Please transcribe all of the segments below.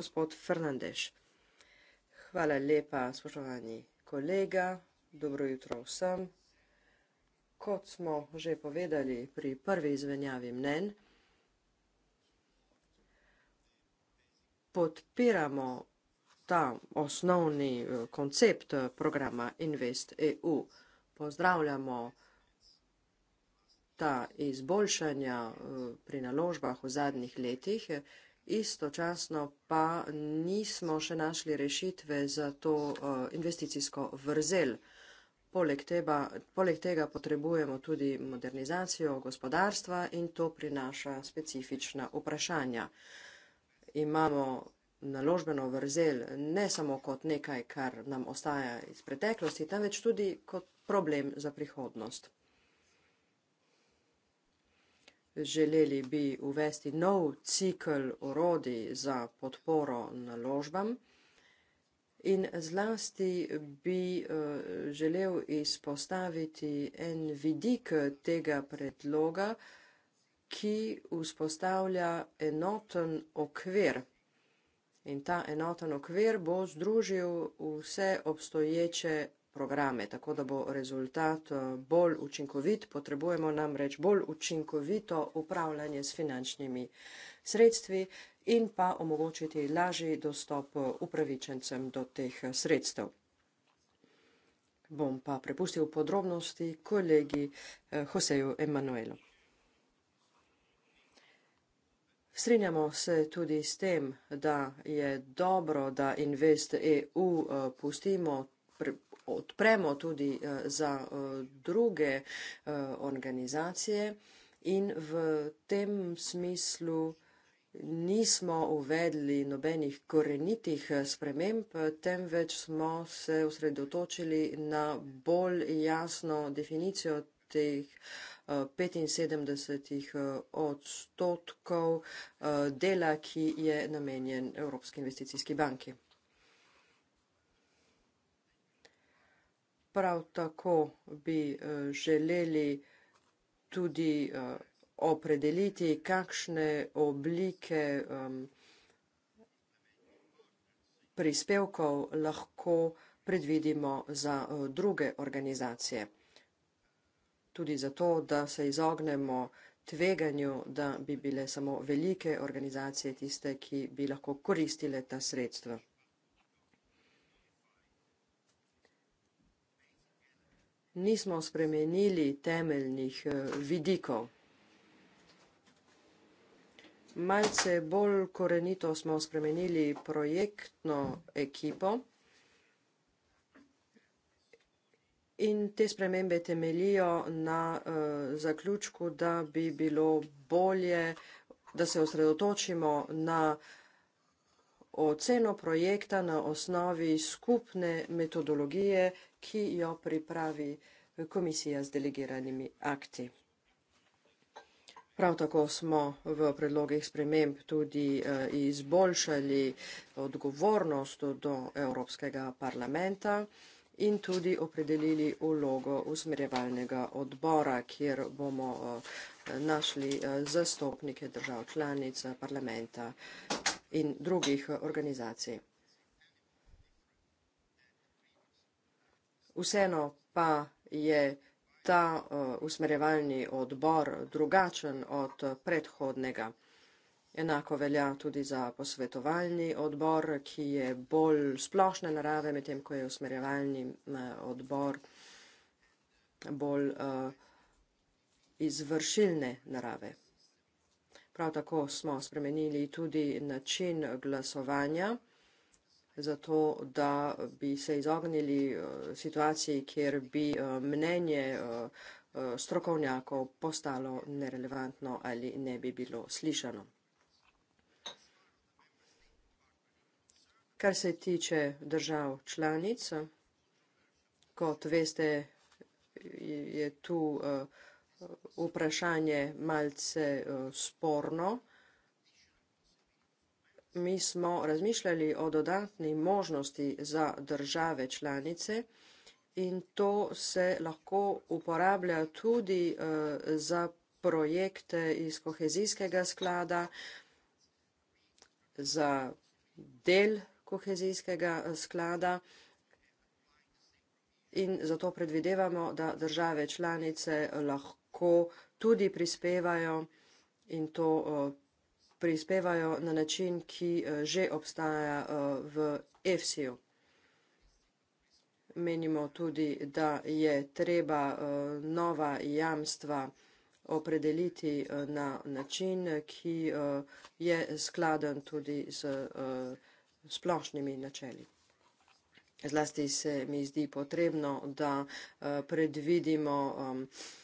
gospod Fernandeš. Hvala lepa, spoštovani kolega. Dobro jutro vsem. Kot smo že povedali pri prvi izmenjavi mnen, podpiramo ta osnovni eh, koncept eh, programa Invest EU. Pozdravljamo ta izboljšanja eh, pri naložbah v zadnjih letih, istočasno pa nismo še našli rešitve za to eh, investicijsko vrzel. Poleg tega, poleg tega potrebujemo tudi modernizacijo gospodarstva in to prinaša specifična vprašanja. Imamo naložbeno vrzel ne samo kot nekaj, kar nam ostaja iz preteklosti, temveč tudi kot problem za prihodnost. Želeli bi uvesti nov cikl orodij za podporo naložbam in zlasti bi eh, želel izpostaviti en vidik tega predloga, ki vzpostavlja enoten okvir. In ta enoten okvir bo združil vse obstoječe programe, tako da bo rezultat eh, bolj učinkovit. Potrebujemo namreč bolj učinkovito upravljanje s finančnimi sredstvi in pa omogočiti lažji dostop eh, upravičencem do teh eh, sredstev. Bom pa prepustil podrobnosti kolegi Joseju Emanuelu. Strinjamo se tudi s tem, da je dobro, da Invest EU pustimo odpremo tudi eh, za eh, druge eh, organizacije in v tem smislu nismo uvedli nobenih korenitih sprememb, temveč smo se osredotočili na bolj jasno definicijo teh 75 odstotkov dela, ki je namenjen Evropski investicijski banki. prav tako bi eh, želeli tudi eh, opredeliti, kakšne oblike prispevkov lahko predvidimo za eh, druge organizacije. Tudi zato, da se izognemo tveganju, da bi bile samo velike organizacije tiste, ki bi lahko koristile ta sredstva. nismo spremenili temeljnih eh, vidikov. Malce bolj korenito smo spremenili projektno ekipo in te spremembe temelijo na uh, zaključku, da bi bilo bolje, da se osredotočimo na uh, oceno projekta na osnovi skupne metodologije, ki jo pripravi komisija z delegiranimi akti. Prav tako smo v predlogih sprememb tudi eh, izboljšali odgovornost do Evropskega parlamenta in tudi opredelili vlogo usmerjevalnega odbora, kjer bomo eh, našli eh, zastopnike držav članic parlamenta in drugih eh, organizacij. Vseeno pa je ta eh, usmerjevalni odbor drugačen od eh, predhodnega. Enako velja tudi za posvetovalni odbor, ki je bolj splošne narave, medtem ko je usmerjevalni odbor bolj izvršilne narave. Prav tako smo spremenili tudi način glasovanja, zato da bi se izognili eh, situaciji, kjer bi eh, mnenje eh, strokovnjakov postalo nerelevantno ali ne bi bilo slišano. Kar se tiče držav članic, kot veste, je tu uh, vprašanje malce eh, sporno. Mi smo razmišljali o dodatni možnosti za države članice in to se lahko uporablja tudi eh, za projekte iz kohezijskega sklada, za del kohezijskega eh, sklada in zato predvidevamo, da države članice lahko lahko tudi prispevajo in to prispevajo na način, ki e, že obstaja e, v EFSI-ju. Menimo tudi, da je treba e, nova jamstva opredeliti na način, ki je skladen tudi z splošnimi načeli. Zlasti se mi zdi potrebno, da predvidimo vsega,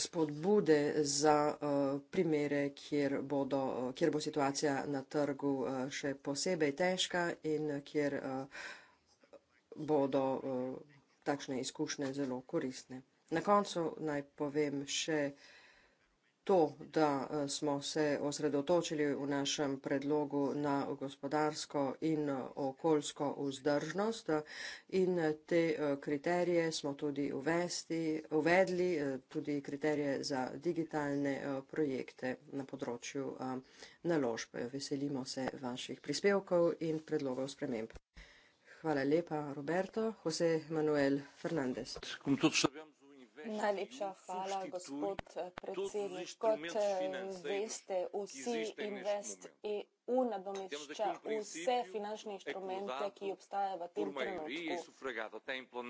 spodbude za eh, primere, kjer, bodo, eh, kjer bo situacija na trgu eh, še posebej težka in kjer bodo takšne izkušnje zelo koristne. Na koncu naj povem še, to, da eh, smo se osredotočili v našem predlogu na gospodarsko in eh, okoljsko vzdržnost eh, in te kriterije smo tudi uvesti, uvedli, tudi kriterije za digitalne projekte na področju naložb. Veselimo se vaših prispevkov in predlogov sprememb. Hvala lepa, Roberto. Jose Manuel Fernandez. Najlepša hvala, gospod eh, predsednik. Kot eh, veste, vsi invest EU nadomešča vse finančne inštrumente, ki obstajajo v tem trenutku.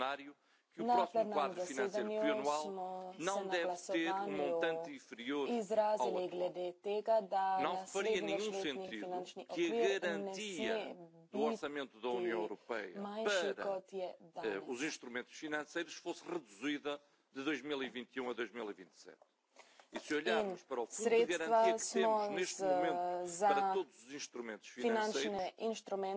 Na plenarnem zasedanju smo se na glasovanju izrazili glede tega, da naslednjošletni finančni okvir ne sme do orçamento da União Europeia para eh, os instrumentos financeiros fosse reduzida de 2021 e e um a 2027. E, e se olharmos para o fundo de garantia que temos neste momento eh, para todos os instrumentos financeiros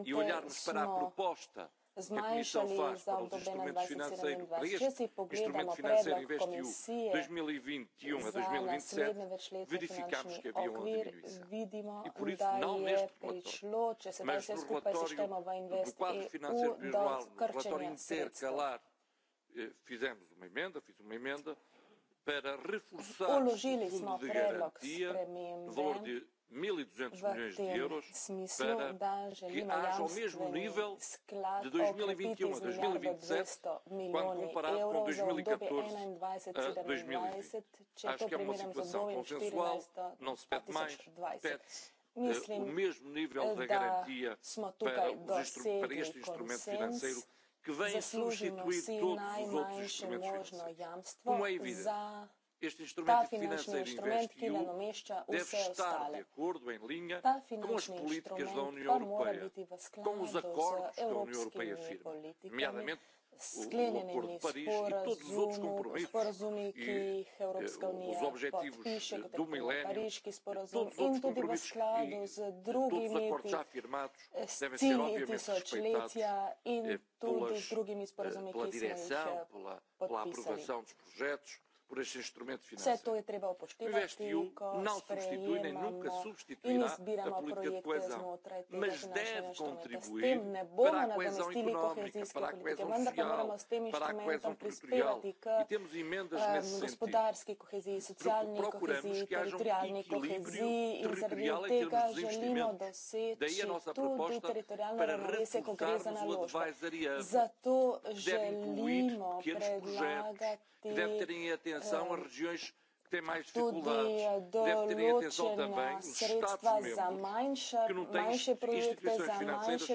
e olharmos para a no proposta que a Comissão faz para os instrumentos financeiros para este instrumento financeiro investiu 2021 um a 2027, verificamos que havia uma diminuição. E por isso, não neste relatório, mas no relatório do quadro financeiro plurianual, no relatório intercalar 2021-2027, Eh, fizemos uma emenda, fiz uma emenda, para reforçar o fundo de garantia no valor de 1.200 e milhões de euros para que haja o mesmo nível de 2021 e e um a 2027 quando comparado com 2014 a 2020. Um. Acho que é uma situação consensual, não se pede mais, pede-se eh, o mesmo nível da eh, garantia para, os instru para este instrumento financeiro que venha substituir todos os outros instrumentos financeiros. Como é evidente, za... este instrumento financeiro investiu deve estar de acordo em linha com as políticas da União Europeia, com os acordos que a União Europeia firma, nomeadamente sklenjenimi sporazumi, sporazumi, ki jih Evropska eh, unija podpiše, kot je pariški sporazum in tudi v skladu z drugimi cilji tisočletja in eh, tudi z drugimi sporazumi, eh, ki smo jih podpisali por este instrumento financeiro. O investiu não substitui nem nunca substituirá a política de coesão, mas deve contribuir para a coesão económica, para a coesão social, para a coesão territorial. E temos emendas eh, nesse sentido. Procuramos que haja um equilíbrio territorial em termos dos investimentos. Daí a nossa proposta para reforçarmos o advisory hub. Deve incluir pequenos projetos que devem ter em atenção atenção às regiões que têm mais dificuldades. Deve ter em atenção também os Estados-membros que não têm instituições financeiras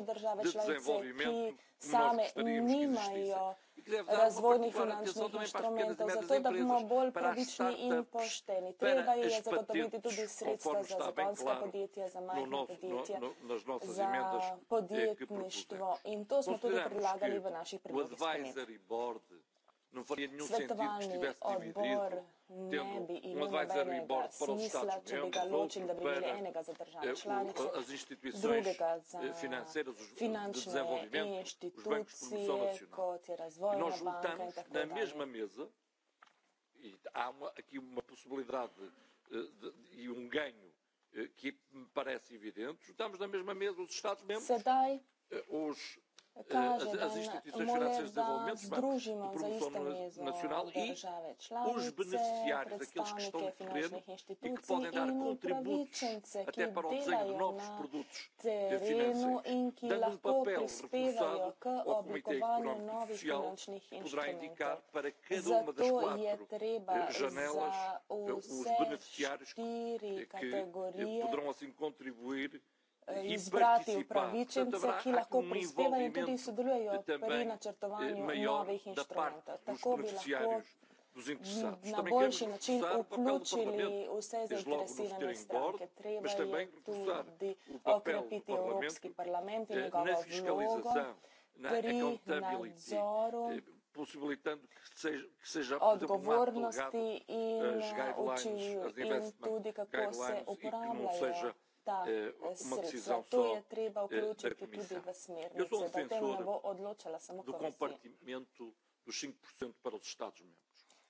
de desenvolgimento no e, e como e no no nós gostaríamos que Razvojni finančni instrumentov, zato da bomo bolj pravični in pošteni. Treba je zagotoviti tudi sredstva za zagonska podjetja, za majhna podjetja, za podjetništvo. In to smo tudi predlagali v naših predlogih. Não faria nenhum sentido que estivesse dividido, tendo um advisor em bordo para os Estados-membros, para as instituições financeiras, os de desenvolvimento, os bancos de promoção nacional. E nós juntamos na mesma mesa, e há uma, aqui uma possibilidade e um ganho que me parece evidente, juntamos na mesma mesa os Estados-membros, os kaže, da molijo, da združimo za isto mezo države članice, predstavnike finančnih inštitucij in upravičence, ki delajo na terenu in ki lahko prispevajo k oblikovanju novih finančnih inštrumentov. Zato je treba za vse štiri kategorije E, izbrati upravičence, ki lahko prispevajo in tudi sodelujejo pri eh, načrtovanju novih inštrumentov. Tako bi lahko na boljši način vključili vse zainteresirane stranke. Treba je tudi okrepiti Evropski parlament in eh, njegovo vlogo pri nadzoru eh, odgovornosti ja, in, učil, in tudi kako se uporabljajo da uma decisão sobre isso. Então, é treba da comissão. tudo da smernica, Eu sou um defensor do compartimento dos 5% para os Estados-membros.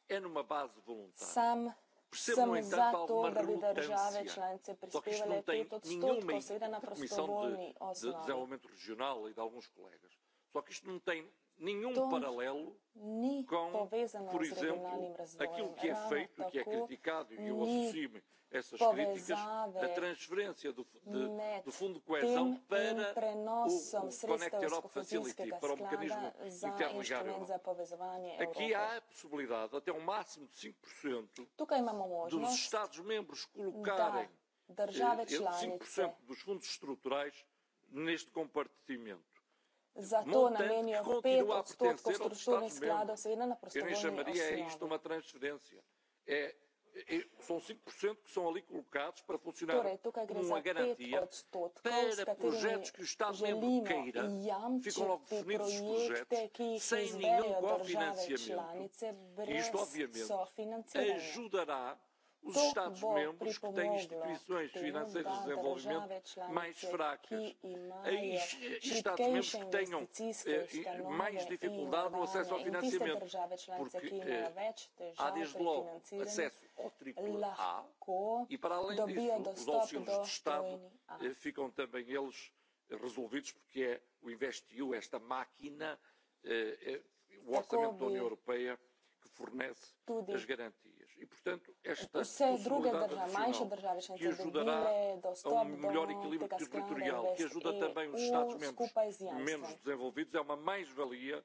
É numa base voluntária. Sam, Percebo, no entanto, alguma relutância. Só que isto não tem nenhuma comissão de, de desenvolvimento regional e de alguns colegas. Só que isto não tem nenhum Tom paralelo ni com, por exemplo, aquilo que é feito, e que é criticado, e eu assumo essas críticas, a transferência do, de, do Fundo de Coesão e para o Connect Europe Facility, para o mecanismo interligado. Aqui há a possibilidade, até um máximo de 5% dos Estados-membros colocarem 5% eh, dos fundos estruturais neste compartimento za to namenijo 5 odstotkov strukturnih skladov, seveda na prostovoljni osnovi. E, e, torej, tukaj gre za 5 odstotkov, s katerimi želimo jamčiti projekte, ki jih izvedejo države članice, brez sofinanciranja os Estados-membros que têm instituições um financeiras de desenvolvimento mais fracas. E e Estados-membros que tenham eh, eh, mais dificuldade no acesso ao financiamento. Porque eh, há desde logo acesso ao AAA e, para além disso, os auxílios de Estado ficam também eles resolvidos porque é o InvestEU, esta máquina, o orçamento da União Europeia, que fornece as garantias. E, portanto, esta Isso é druga država, manjša država članica, que ajudará a um melhor um equilíbrio territorial, que ajuda também os Estados-membros menos desenvolvidos, é uma mais-valia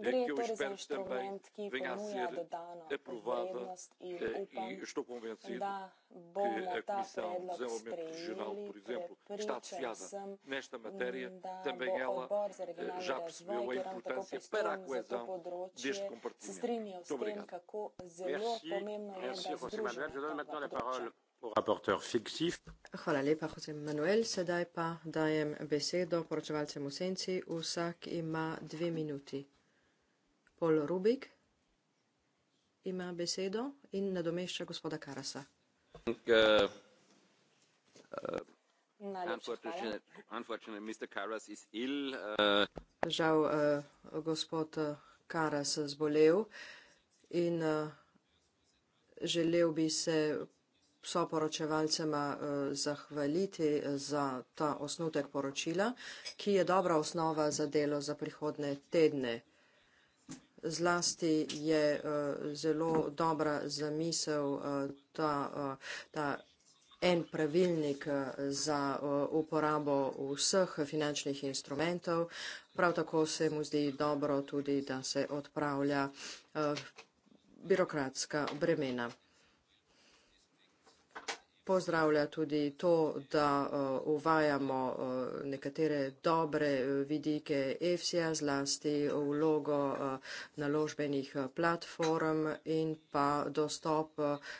Gre é torej za inštrument, ki ponuja dodano vrednost in eh, e upam, da bomo ta predlog sprejeli. Pričan sem, materia, da bo odbor za regionalni eh, razvoj, ki je ravno tako pristojen za to področje, se strinjal s tem, kako zelo merci, pomembno je, merci, da združimo ta področja. Hvala lepa, Jose Manuel. Sedaj pa dajem besedo poročevalcem v senci. Vsak ima dve minuti. Pol Rubik ima besedo in nadomešča gospoda Karasa. Žal gospod Karas zbolel in uh, želel bi se soporočevalcema uh, zahvaliti uh, za ta osnutek poročila, ki je dobra osnova za delo za prihodne tedne. Zlasti je uh, zelo dobra zamisel uh, ta, uh, ta en pravilnik za uh, uporabo vseh finančnih instrumentov. Prav tako se mu zdi dobro tudi, da se odpravlja uh, birokratska bremena pozdravlja tudi to, da eh, uvajamo eh, nekatere dobre eh, vidike EFSI-ja, zlasti vlogo naložbenih platform in pa dostop,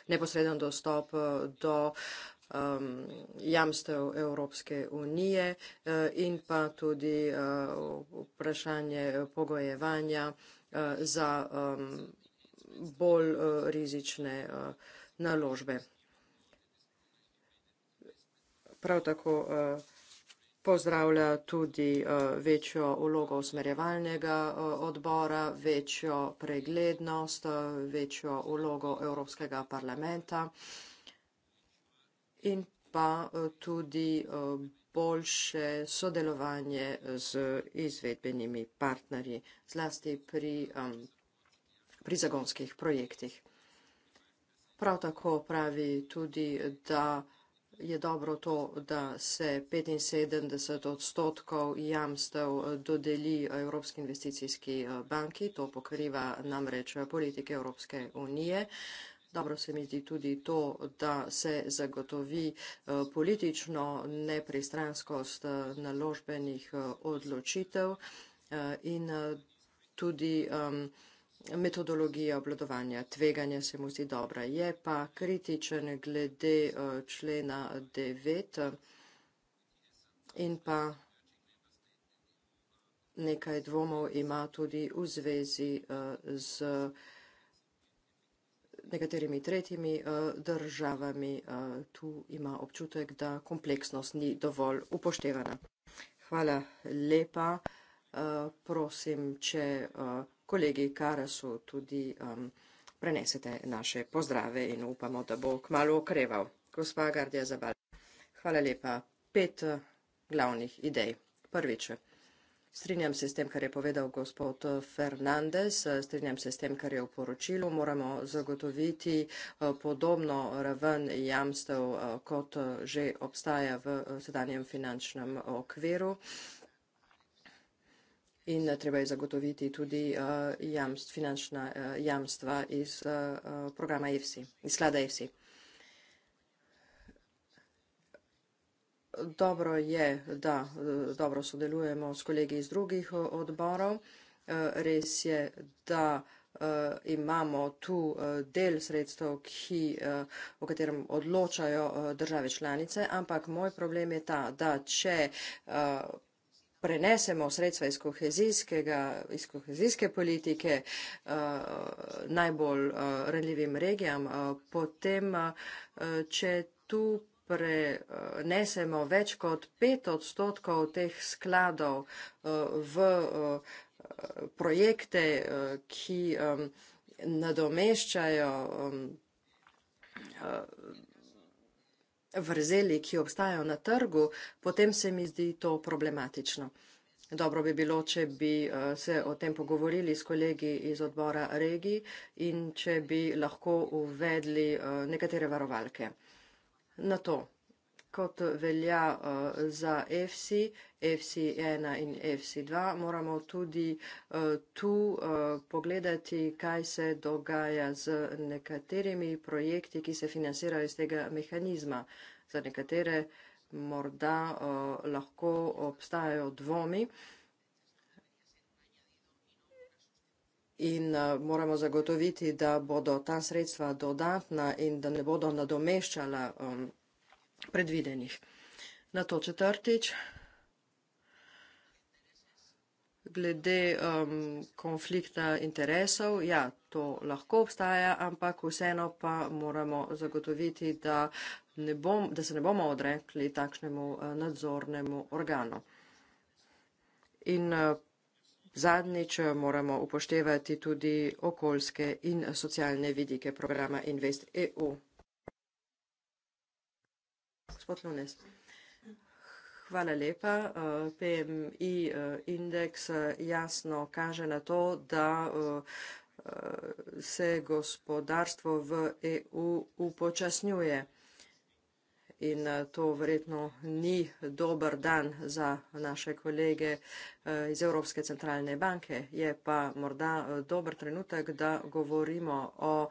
neposreden dostop do ehm, jamstev Evropske unije in pa tudi vprašanje pogojevanja za ehm, bolj rizične naložbe prav tako eh, pozdravlja tudi eh, večjo vlogo usmerjevalnega eh, odbora, večjo preglednost, večjo vlogo Evropskega parlamenta in pa tudi boljše sodelovanje z izvedbenimi partnerji, zlasti pri, pri zagonskih projektih. Prav tako pravi tudi, da je dobro to, da se 75 odstotkov jamstev dodeli Evropski investicijski eh, banki. To pokriva namreč politike Evropske unije. Dobro se mi zdi tudi to, da se zagotovi eh, politično nepristranskost eh, naložbenih odločitev in tudi um, metodologija obladovanja. Tveganje se mu zdi dobra. Je pa kritičen glede eh, člena 9 eh, in pa nekaj dvomov ima tudi v zvezi eh, z nekaterimi tretjimi državami. Tu ima občutek, da kompleksnost ni dovolj upoštevana. Hvala lepa. Prosim, če kolegi Karasu tudi um, prenesete naše pozdrave in upamo, da bo kmalo okreval. Gospa Gardija Zabal, hvala lepa. Pet uh, glavnih idej. Prvič, strinjam se s tem, kar je povedal gospod Fernandez, uh, strinjam se s tem, kar je v poročilu. Moramo zagotoviti uh, podobno raven jamstev, kot že obstaja v sedanjem finančnem okviru. In eh, treba je zagotoviti tudi uh, jamst, finančna uh, jamstva iz uh, programa EFSI, iz sklada EFSI. Dobro je, da dobro sodelujemo s kolegi iz drugih odborov. Res je, da imamo tu del sredstev, ki, o katerem odločajo države članice, ampak moj problem je ta, da če prenesemo sredstva iz, iz kohezijske politike uh, najbolj uh, eh, renljivim regijam, uh, potem, uh, če tu prenesemo več kot pet odstotkov teh skladov uh, v uh, projekte, uh, ki um, nadomeščajo um, uh, vrzeli, ki obstajajo na trgu, potem se mi zdi to problematično. Dobro bi bilo, če bi eh, se o tem pogovorili s kolegi iz odbora regij in če bi lahko uvedli eh, nekatere varovalke. Na to kot velja uh, za FC, FC1 in FC2, moramo tudi uh, tu uh, pogledati, kaj se dogaja z nekaterimi projekti, ki se financirajo iz tega mehanizma. Za nekatere morda uh, lahko obstajajo dvomi. In uh, moramo zagotoviti, da bodo ta sredstva dodatna in da ne bodo nadomeščala um, predvidenih. Na to četrtič, glede um, konflikta interesov, ja, to lahko obstaja, ampak vseeno pa moramo zagotoviti, da, ne bom, da se ne bomo odrekli takšnemu uh, nadzornemu organu. In uh, zadnjič uh, moramo upoštevati tudi okoljske in socialne vidike programa InvestEU gospod Lunes. Hvala lepa. Eh, PMI eh, indeks eh, jasno kaže na to, da se gospodarstvo v EU upočasnjuje. In to verjetno ni dober dan za naše kolege iz Evropske centralne banke. Je pa morda dober trenutek, da govorimo o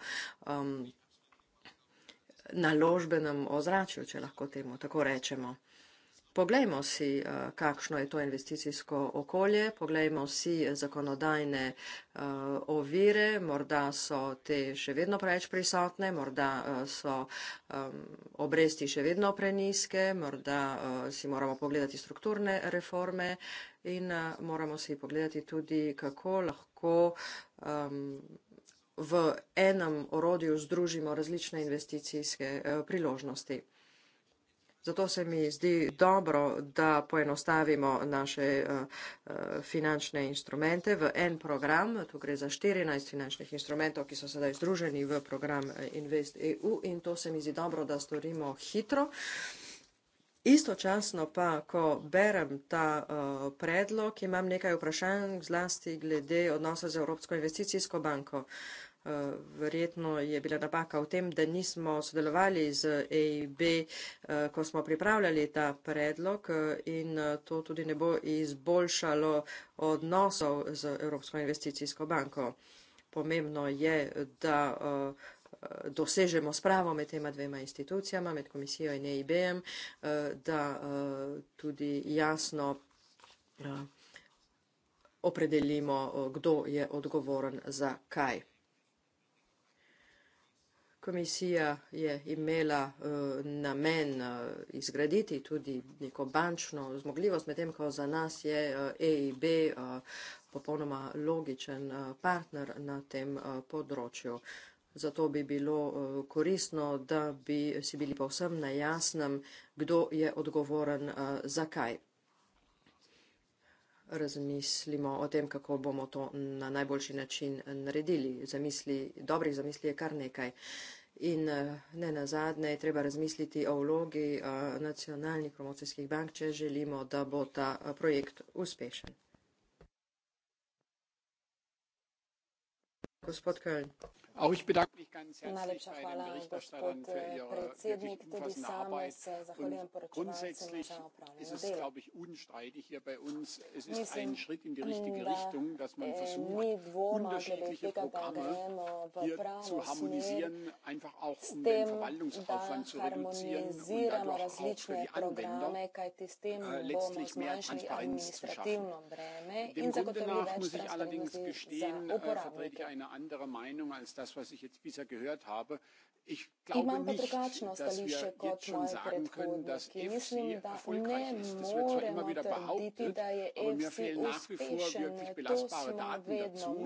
um, naložbenem ozračju, če lahko temu tako rečemo. Poglejmo si, eh, kakšno je to investicijsko okolje, poglejmo si zakonodajne eh, ovire, morda so te še vedno preveč prisotne, morda eh, so obresti še vedno preniske, morda si moramo pogledati strukturne reforme in moramo si pogledati tudi, kako lahko v enem orodju združimo različne investicijske eh, priložnosti. Zato se mi zdi dobro, da poenostavimo naše eh, eh, finančne instrumente v en program. Tu gre za 14 finančnih instrumentov, ki so sedaj združeni v program Invest EU in to se mi zdi dobro, da storimo hitro. Istočasno pa, ko berem ta uh, predlog, imam nekaj vprašanj zlasti glede odnosa z Evropsko investicijsko banko. Uh, verjetno je bila napaka v tem, da nismo sodelovali z EIB, uh, eh, ko smo pripravljali ta predlog uh, in to tudi ne bo izboljšalo odnosov z Evropsko investicijsko banko. Pomembno je, da. Uh, Eh, dosežemo spravo med tema dvema institucijama, med komisijo in EIB-em, eh, da eh, tudi jasno opredelimo, kdo je odgovoren za kaj. Komisija je imela namen izgraditi tudi neko bančno zmogljivost, medtem ko za nas je EIB e popolnoma logičen partner na tem področju. Zato bi bilo eh, koristno, da bi si bili povsem na jasnem, kdo je odgovoren eh, za kaj. Razmislimo o tem, kako bomo to na najboljši način eh, naredili. Zamisli, dobrih zamisli je kar nekaj. In ne na zadnje, treba razmisliti o vlogi nacionalnih promocijskih bank, če želimo, da bo ta projekt uspešen. Gospod Köln. Auch ich bedanke mich ganz herzlich bei den Berichterstattern für eh, ihre wirklich umfassende Arbeit. Und grundsätzlich ist es, glaube ich, unstreitig hier bei uns. Es ist ein Schritt in die richtige Richtung, dass man eh, versucht, unterschiedliche Programme hier zu harmonisieren, einfach auch um den Verwaltungsaufwand zu reduzieren und dadurch auch für die Anwender äh, letztlich mehr Transparenz zu schaffen. Dem Grunde nach muss ich allerdings gestehen, äh, vertrete ich eine andere Meinung als das, das, was ich jetzt bisher gehört habe. Ich glaube nicht, dass wir jetzt schon sagen können, dass EFSI erfolgreich ist. Das wird zwar immer wieder behauptet, aber mir fehlen nach wie vor wirklich belastbare Daten dazu.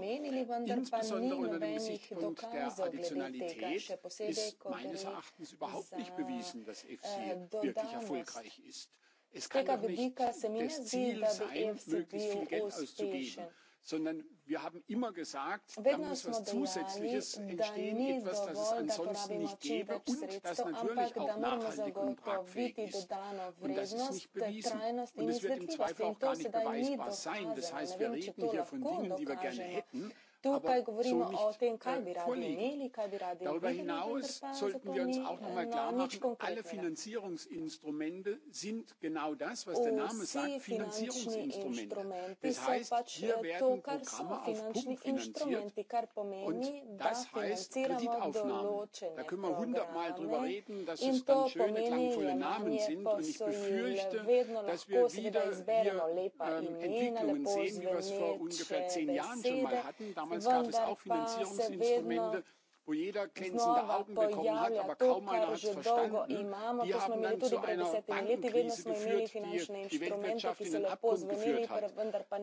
Insbesondere unter dem Gesichtspunkt der Additionalität ist meines Erachtens überhaupt nicht bewiesen, dass EFSI äh, wirklich erfolgreich ist. Es kann doch nicht das Ziel sein, möglichst viel Geld auszugeben, sondern wir haben immer gesagt, da muss was Zusätzliches entstehen, etwas, das es ansonsten nicht gäbe und das natürlich auch nachhaltig und tragfähig ist. Und das ist nicht bewiesen. Und es wird im Zweifel auch gar nicht beweisbar sein. Das heißt, wir reden hier von Dingen, die wir gerne hätten. Tukaj govorimo so nicht, o tem, kaj eh, bi radi vorliegen. imeli, kaj bi radi imeli. Eh, alle financiranje sind genau das, was der Name sagt, Finanzierungsinstrumente. Das heißt, pač hier eh, werden to, Programme auf finanziert pomeni, und das da heißt Kreditaufnahmen. Da können wir hundertmal drüber reden, dass es dann schöne, klangvolle Namen sind und ich befürchte, dass wir wieder hier ähm, Entwicklungen sehen, wie wir es vor ungefähr zehn Jahren schon mal hatten. Damals Arbeitskraft ist auch Finanzierungsinstrumente wo jeder glänzende Augen bekommen hat, aber to, kaum einer hat es verstanden. Wir haben dann zu einer Bankenkrise geführt, die die Weltwirtschaft in den Abgrund geführt hat.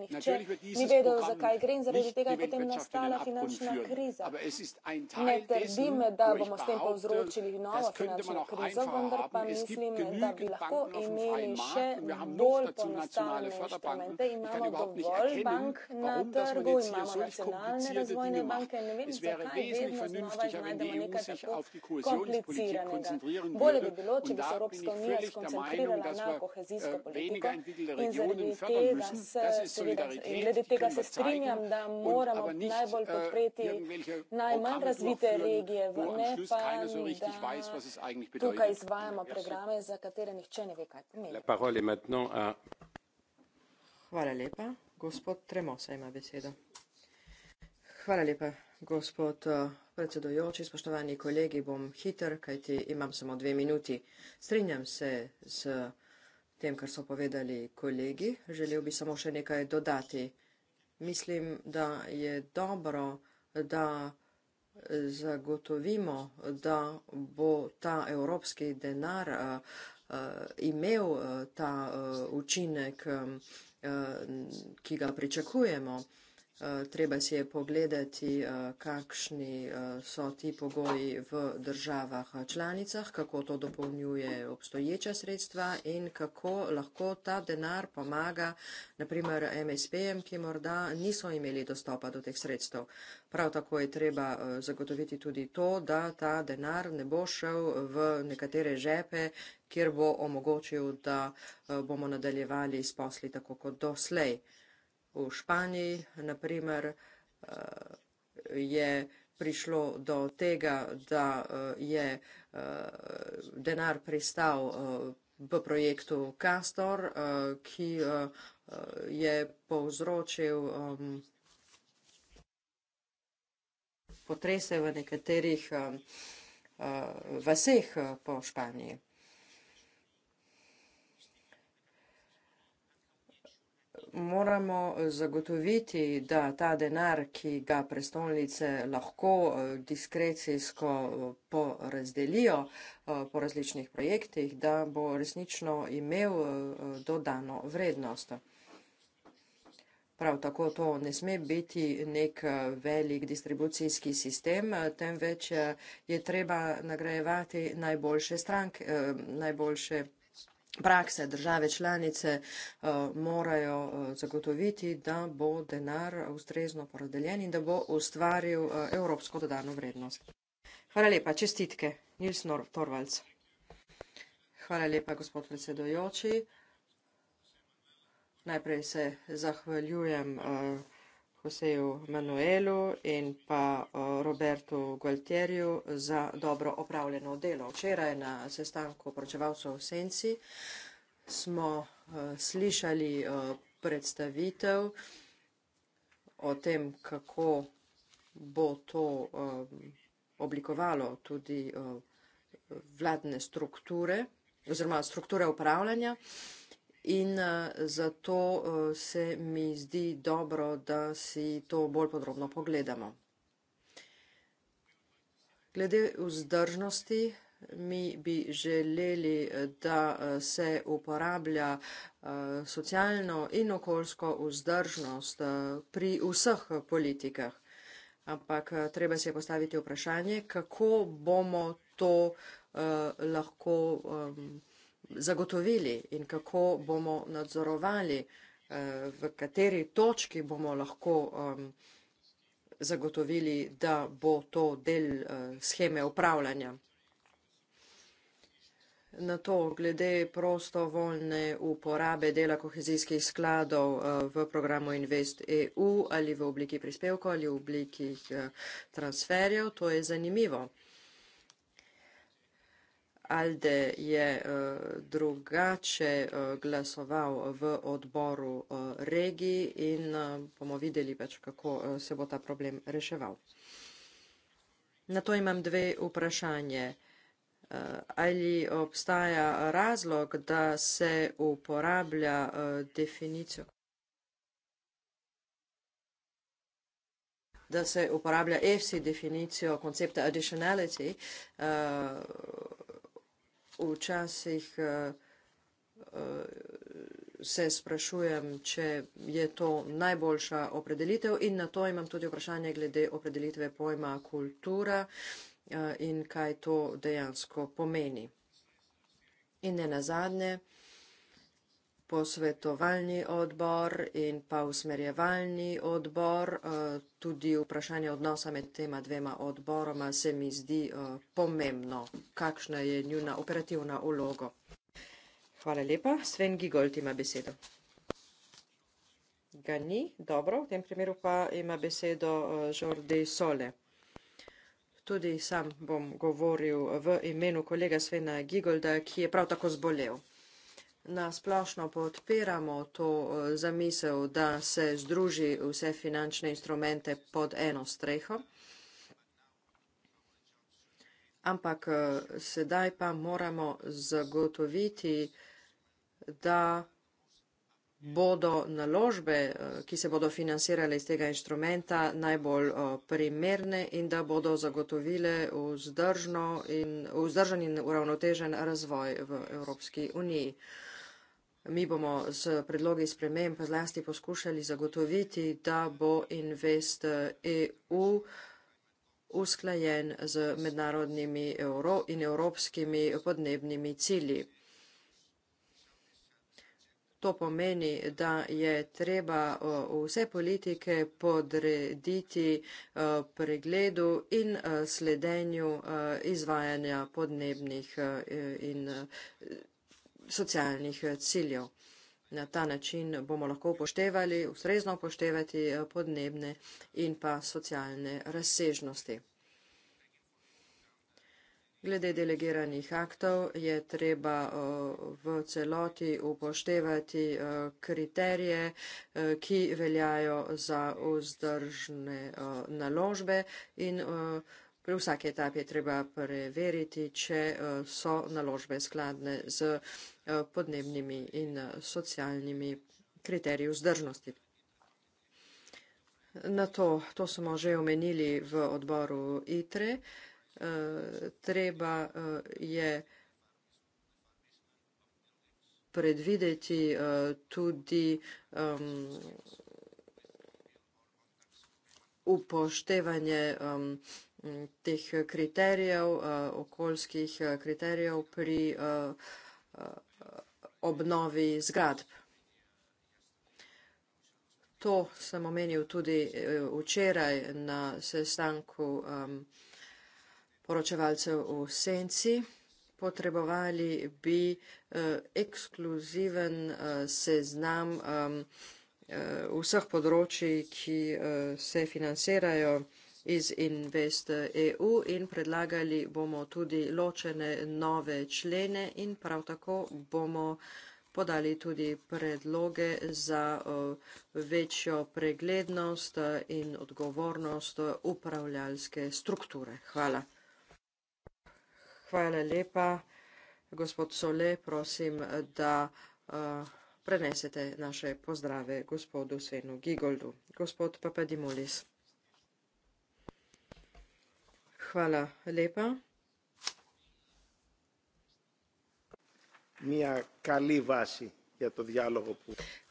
Natürlich wird dieses Programm nicht die Weltwirtschaft in den Abgrund führen, aber es ist ein Teil dessen, wo ich behaupte, das könnte man auch einfacher haben. Es gibt genügend Banken auf freien Markt wir haben noch dazu nationale Förderbanken. Ich kann überhaupt nicht erkennen, warum das man jetzt hier solch komplizierte Dinge macht. Es wäre wesentlich vernünftiger, vprašanje, ali je EU se na kohezijsko politiko bolje bi bilo, če bi se Evropska unija skoncentrirala na kohezijsko äh, politiko in zaradi tega se, seveda, in glede tega se strinjam, da moramo najbolj äh, podpreti najmanj razvite regije, ne pa da tukaj izvajamo ja, programe, za katere nihče ne ve, kaj pomeni. Hvala lepa. Gospod Tremosa ima besedo. Hvala lepa. Gospod eh, predsedojoči, spoštovani kolegi, bom hiter, kajti imam samo dve minuti. Strinjam se s tem, kar so povedali kolegi. Želel bi samo še nekaj dodati. Mislim, da je dobro, da zagotovimo, da bo ta evropski denar eh, eh, imel ta učinek, ki ga pričakujemo. Eh, treba si je pogledati, eh, kakšni eh, so ti pogoji v državah članicah, kako to dopolnjuje obstoječa sredstva in kako lahko ta denar pomaga, naprimer, MSP-jem, ki morda niso imeli dostopa do teh sredstev. Prav tako je treba zagotoviti tudi to, da ta denar ne bo šel v nekatere žepe, kjer bo omogočil, da bomo nadaljevali s posli tako kot doslej. V Španiji, naprimer, eh, je prišlo do tega, da eh, je eh, denar pristal v projektu Castor, ki je povzročil potrese v nekaterih vseh po Španiji. moramo zagotoviti, da ta denar, ki ga prestolnice lahko eh, diskrecijsko eh, porazdelijo eh, po različnih projektih, da bo resnično imel dodano vrednost. Prav tako to ne sme biti nek velik distribucijski sistem, temveč je treba nagrajevati najboljše stranke, najboljše stranke prakse države članice eh, morajo eh, zagotoviti, da bo denar ustrezno porodeljen in da bo ustvaril eh, evropsko dodano vrednost. Hvala lepa, čestitke, Nils Torvalds. Hvala lepa, gospod predsedojoči. Najprej se zahvaljujem. Uh, Joseju Manuelu in pa eh, Robertu Gualtjerju za dobro opravljeno delo. Včeraj na sestanku poročevalcev v Senci smo eh, slišali eh, predstavitev o tem, kako bo to oblikovalo tudi vladne strukture oziroma strukture upravljanja in eh, zato eh, se mi zdi dobro, da si to bolj podrobno pogledamo. Glede vzdržnosti, mi bi želeli, eh, da se uporablja socialno in okoljsko vzdržnost pri vseh politikah. Ampak treba se postaviti vprašanje, kako bomo to eh, lahko eh, zagotovili in kako bomo nadzorovali, eh, v kateri točki bomo lahko zagotovili, da bo to del eh, scheme upravljanja. Na to, glede prostovoljne uporabe dela kohezijskih skladov eh, v programu Invest EU ali v obliki prispevkov ali v obliki transferjev, to je zanimivo. Alde je eh, drugače eh, glasoval v odboru eh, regiji in bomo videli pač, kako se bo ta problem reševal. Na to imam dve vprašanje. Ali obstaja razlog, da se uporablja definicijo? da se uporablja EFSI definicijo koncepta additionality, včasih eh, eh, se sprašujem, če je to najboljša opredelitev in na to imam tudi vprašanje glede opredelitve pojma kultura eh, in kaj to dejansko pomeni. In ne nazadnje, posvetovalni odbor in pa usmerjevalni odbor. Eh, tudi vprašanje odnosa med tema dvema odboroma se mi zdi eh, pomembno, kakšna je njuna operativna vloga. Hvala lepa. Sven Gigolt ima besedo. Ga ni? Dobro, v tem primeru pa ima besedo Žorde eh, Sole. Tudi sam bom govoril v imenu kolega Svena Gigolda, ki je prav tako zbolel nasplošno podpiramo to eh, zamisel, da se združi vse finančne instrumente pod eno streho. Ampak eh, sedaj pa moramo zagotoviti, da bodo naložbe, eh, ki se bodo financirale iz tega inštrumenta, najbolj primerne in da bodo zagotovile vzdržen in uravnotežen razvoj v Evropski uniji. Mi bomo z predlogi sprememb zlasti poskušali zagotoviti, da bo invest EU usklajen z mednarodnimi euro in evropskimi podnebnimi cilji. To pomeni, da je treba vse politike podrediti pregledu in sledenju izvajanja podnebnih in socialnih eh, ciljev. Na ta način bomo lahko upoštevali, ustrezno upoštevati eh, podnebne in pa socialne razsežnosti. Glede delegiranih aktov je treba eh, v celoti upoštevati kriterije, ki veljajo za vzdržne naložbe in vzdržne Pri vsaki etapi je treba preveriti, če eh, so naložbe skladne z eh, podnebnimi in eh, socialnimi kriteriji vzdržnosti. Na to, to smo že omenili v odboru ITRE, treba je predvideti tudi ehm, upoštevanje ehm, teh eh, kriterijev, eh, okoljskih eh, kriterijev pri obnovi zgradb. To sem omenil tudi včeraj na sestanku poročevalcev v Senci. Potrebovali bi ekskluziven seznam vseh področji, ki se financirajo iz InvestEU in predlagali bomo tudi ločene nove člene in prav tako bomo podali tudi predloge za večjo preglednost in odgovornost upravljalske strukture. Hvala. Hvala lepa. Gospod Sole, prosim, da prenesete naše pozdrave gospodu Svenu Gigoldu. Gospod Papadimulis. Hvala lepa. Mia Kali Vasi je to dialog.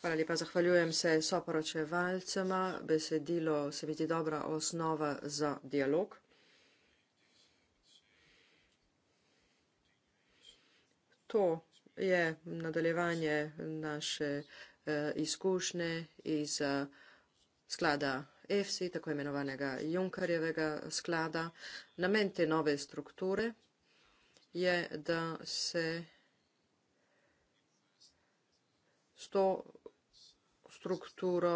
Hvala lepa. Zahvaljujem se soporočevalcema. Besedilo se vidi dobra osnova za dialog. To je nadaljevanje naše uh, izkušnje iz uh, sklada EFSI, tako imenovanega Junkarjevega sklada. Namen te nove strukture je, da se s to strukturo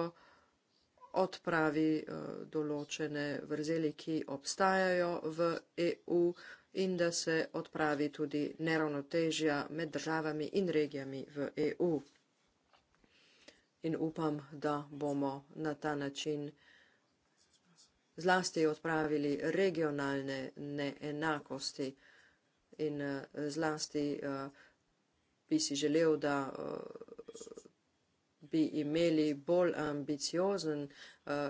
odpravi eh, določene vrzeli, ki obstajajo v EU in da se odpravi tudi neravnotežja med državami in regijami v EU. In upam, da bomo na ta način zlasti odpravili regionalne neenakosti in eh, zlasti eh, bi si želel, da eh, bi imeli bolj ambiciozen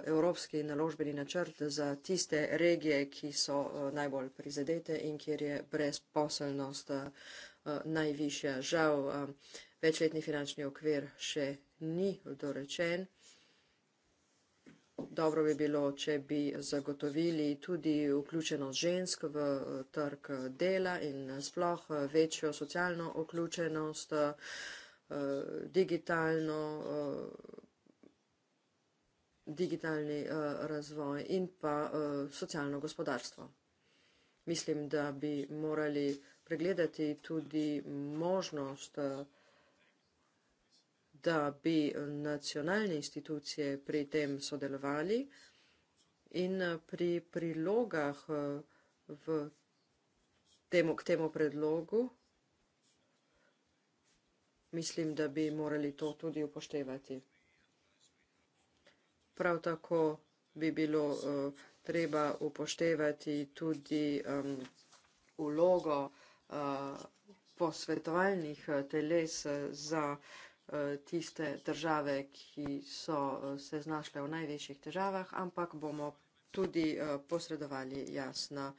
evropski naložbeni načrt za tiste regije, ki so najbolj prizadete in kjer je brezposelnost najvišja. Žal večletni finančni okvir še ni dorečen dobro bi bilo, če bi zagotovili tudi vključenost žensk v eh, trg eh, dela in eh, sploh večjo socialno vključenost, digitalno, digitalni razvoj in pa socialno gospodarstvo. Mislim, da bi morali pregledati tudi možnost da bi nacionalne institucije pri tem sodelovali in eh, pri prilogah eh, v temu, k temu predlogu mislim, da bi morali to tudi upoštevati. Prav tako bi bilo uh, treba upoštevati tudi um, vlogo uh, posvetovalnih teles za uh, tiste države, ki so eh, se znašle v največjih težavah, ampak bomo tudi eh, posredovali jasna,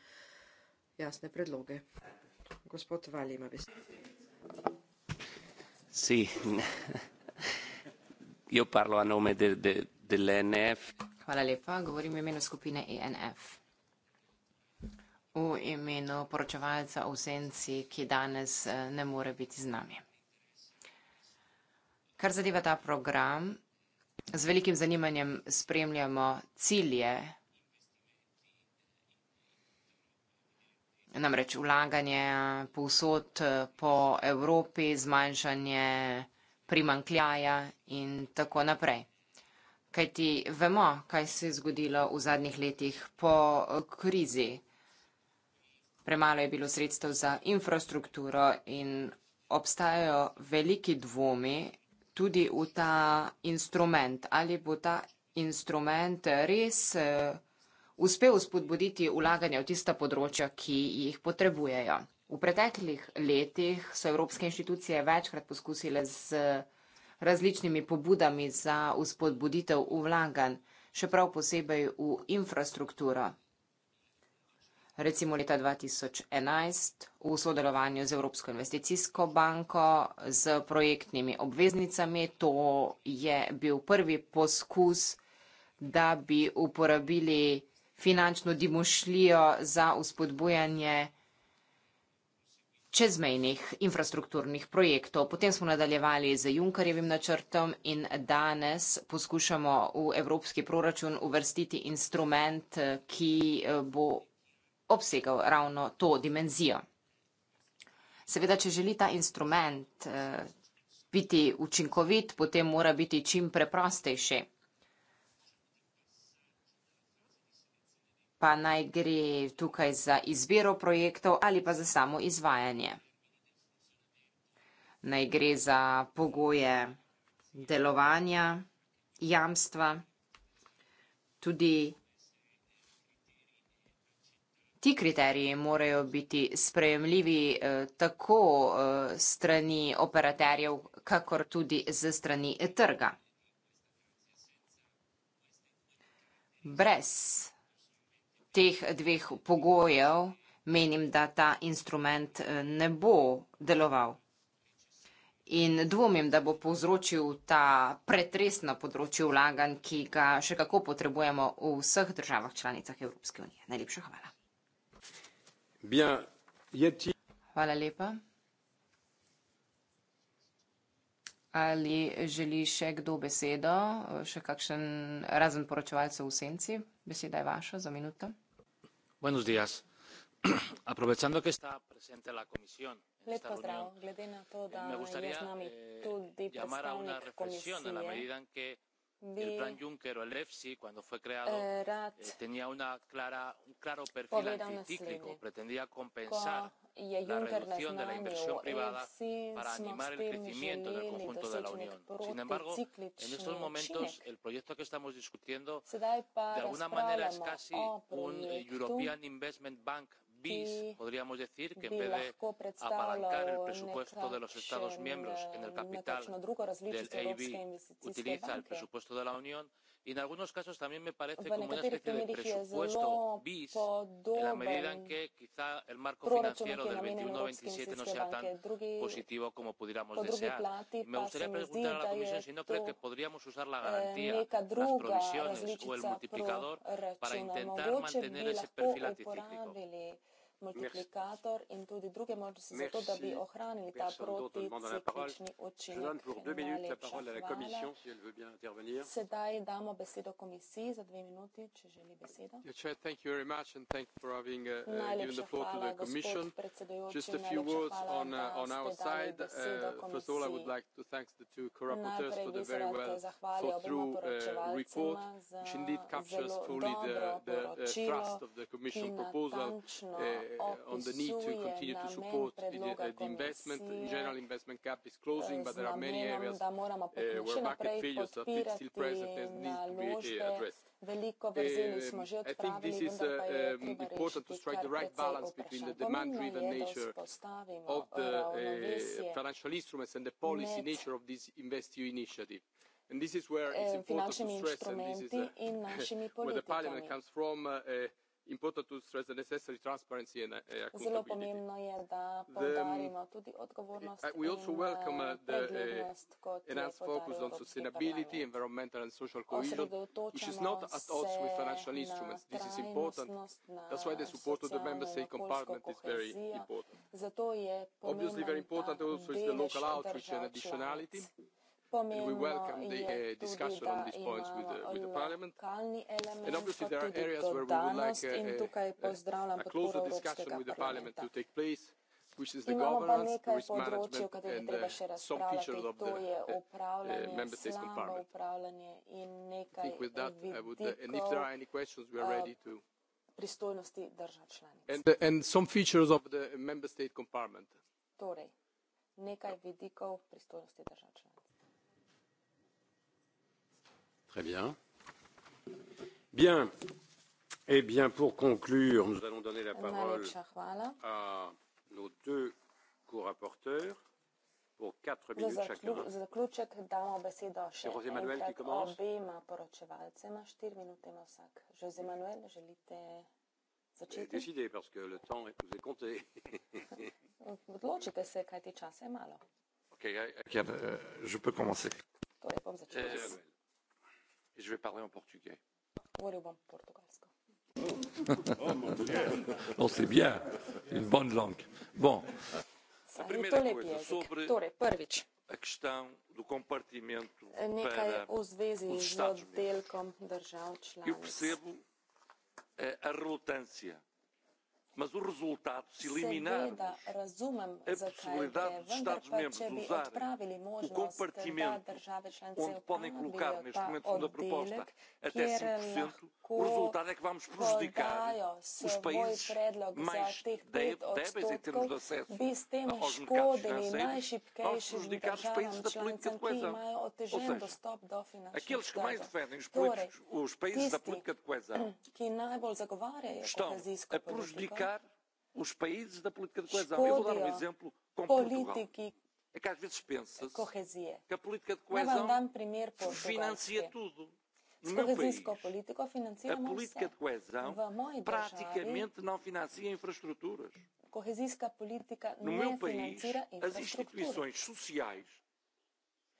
jasne predloge. Gospod Vali ima besedo. Sì, io parlo a nome de, de, dell'ENF. Hvala lepa, govorim v imenu skupine ENF. V imenu poročevalca v senci, ki danes eh, ne more biti z nami. Kar zadeva ta program, z velikim zanimanjem spremljamo cilje, namreč vlaganje povsod po Evropi, zmanjšanje primankljaja in tako naprej. Kaj ti vemo, kaj se je zgodilo v zadnjih letih po krizi? Premalo je bilo sredstev za infrastrukturo in obstajajo veliki dvomi, tudi v ta instrument. Ali bo ta instrument res eh, uspel spodbuditi ulaganje v tista področja, ki jih potrebujejo? V preteklih letih so evropske inštitucije večkrat poskusile z eh, različnimi pobudami za uspodbuditev ulaganj, še prav posebej v infrastrukturo recimo leta 2011 v sodelovanju z Evropsko investicijsko banko z projektnimi obveznicami. To je bil prvi poskus, da bi uporabili finančno dimošljijo za uspodbujanje čezmejnih infrastrukturnih projektov. Potem smo nadaljevali z Junkarjevim načrtom in danes poskušamo v evropski proračun uvrstiti instrument, ki eh, bo obsegal ravno to dimenzijo. Seveda, če želi ta instrument eh, biti učinkovit, potem mora biti čim preprostejši. Pa naj gre tukaj za izbiro projektov ali pa za samo izvajanje. Naj gre za pogoje delovanja, jamstva, tudi ti kriteriji morajo biti sprejemljivi eh, tako eh, strani operaterjev, kakor tudi za strani trga. Brez teh dveh pogojev menim, da ta instrument eh, ne bo deloval. In dvomim, da bo povzročil ta pretres na področju vlaganj, ki ga še kako potrebujemo v vseh državah članicah Evropske unije. Najlepša hvala. Hvala lepa. Ali želi še kdo besedo, še kakšen, razen poročevalcev v senci? Beseda je vaša za minuto. Buenos dias. Aprovechando que está presente la comisión, Lep pozdrav, glede na to, da je z nami tudi predstavnik komisije el plan Juncker o el EFSI, cuando fue creado, eh, eh tenía una clara, un claro perfil anticíclico. Pretendía compensar la reducción de la inversión privada para animar el crecimiento en el conjunto de la Unión. Sin embargo, en estos momentos, el proyecto que estamos discutiendo, de alguna manera, es ¿no? casi oh, un eh, European Investment Bank bis podríamos decir que en vez de apalancar el presupuesto de los estados miembros en el capital del eib utiliza el presupuesto de la unión y en algunos casos también me parece como una especie de presupuesto no bis en la medida en que quizá el marco financiero del veintiuno veintisiete no sea tan positivo como pudiéramos desear. Me gustaría preguntar a la Comisión si no cree que podríamos usar la eh, garantía, las provisiones o el multiplicador para intentar mantener ese perfil eh, anticíclico multiplikator in tudi druge možnosti za to, da bi ohranili ta proticiklični učinek. Sedaj damo besedo komisiji za dve minuti, če želi besedo. Uh, uh, najlepša hvala, gospod predsedujoči, najlepša hvala, da ste dali besedo komisiji. Najprej bi se rad zahvalil obema uh, poročevalcema za zelo dobro poročilo, ki natančno uh, on the need to continue to support the, uh, the investment. In general, investment gap is closing, eh, but there are many areas uh, where market failures are still present and need to be uh, addressed. Uh, I think this is uh, um, important to strike the right balance between the demand-driven nature of the uh, financial instruments and the policy nature of this InvestEU initiative. And this is where it's important to stress, and this is uh, where the Parliament comes from, uh, uh, in prototype za necessary transparency in uh, uh, accountability. Zelo pomembno je, da um, podarimo tudi odgovornost the, uh, we also welcome uh, uh the uh, enhanced focus on sustainability, environmental and social cohesion, which is not at odds with financial instruments. This is important. That's why the support of the member state compartment is very important. Zato je pomembno, Obviously very important also is the local outreach and additionality. Člavec pomembno je uh, tudi, da imamo uh, lokalni element, kot tudi dodanost uh, in tukaj pozdravljam podporo Evropskega parlamenta. Imamo pa nekaj področji, o katerih treba še razpravljati. To je upravljanje, slabo upravljanje in nekaj vidikov pristojnosti držav članic. Torej, nekaj vidikov pristojnosti držav članic. Eh pour conclure nous allons donner la parole à nos deux corapporteurs pour quatre minutes chacun. José Manuel qui commence. Décidé parce que le temps est, vous est compté. Okay, euh, je peux commencer. Euh, et je vais parler en portugais. On sait bien, une bonne langue. Bon. La première chose, la question du compartiment pour les États-Unis. Je perçois la reluctance mas o resultado se eliminar a possibilidade dos Estados-membros usarem o compartimento onde podem colocar neste momento segundo a proposta até 5%, o resultado é que vamos prejudicar os países mais débeis em termos de acesso aos mercados financeiros, vamos prejudicar os países da política de coesão. Ou seja, aqueles que mais defendem os, torej, políticos, os países da política de coesão estão a prejudicar criar os países da política de coesão. Eu vou dar um exemplo com Portugal. E é que às vezes pensa-se que a política de coesão primeiro financia tudo. No meu país, a política de coesão e praticamente não financia infraestruturas. No meu país, as instituições sociais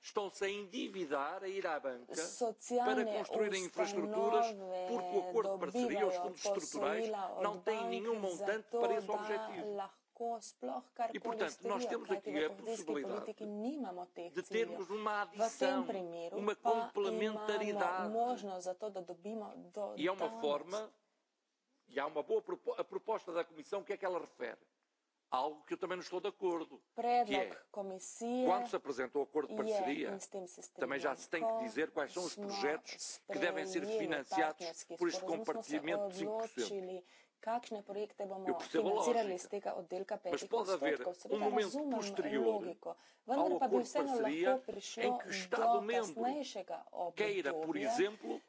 estão se a endividar a ir à banca Sociale para construírem infraestruturas porque o acordo de parceria e os fundos estruturais não tem nenhum montante para esse objetivo. E, portanto, nós temos aqui a possibilidade de termos uma adição, uma complementaridade. E é uma forma, e há uma boa proposta, a proposta da Comissão, o que é que ela refere? algo que eu também não estou de acordo. Predlog, que é, comissia, quando se apresenta o acordo de e parceria, também já se tem que dizer quais são os projetos que devem ser financiados por este no compartilhamento de 5%. Kakšne projekte bomo financirali iz tega oddelka 5%? Seveda um razumem logiko, vendar pa bi vseeno lahko prišlo do kasnejšega obdobja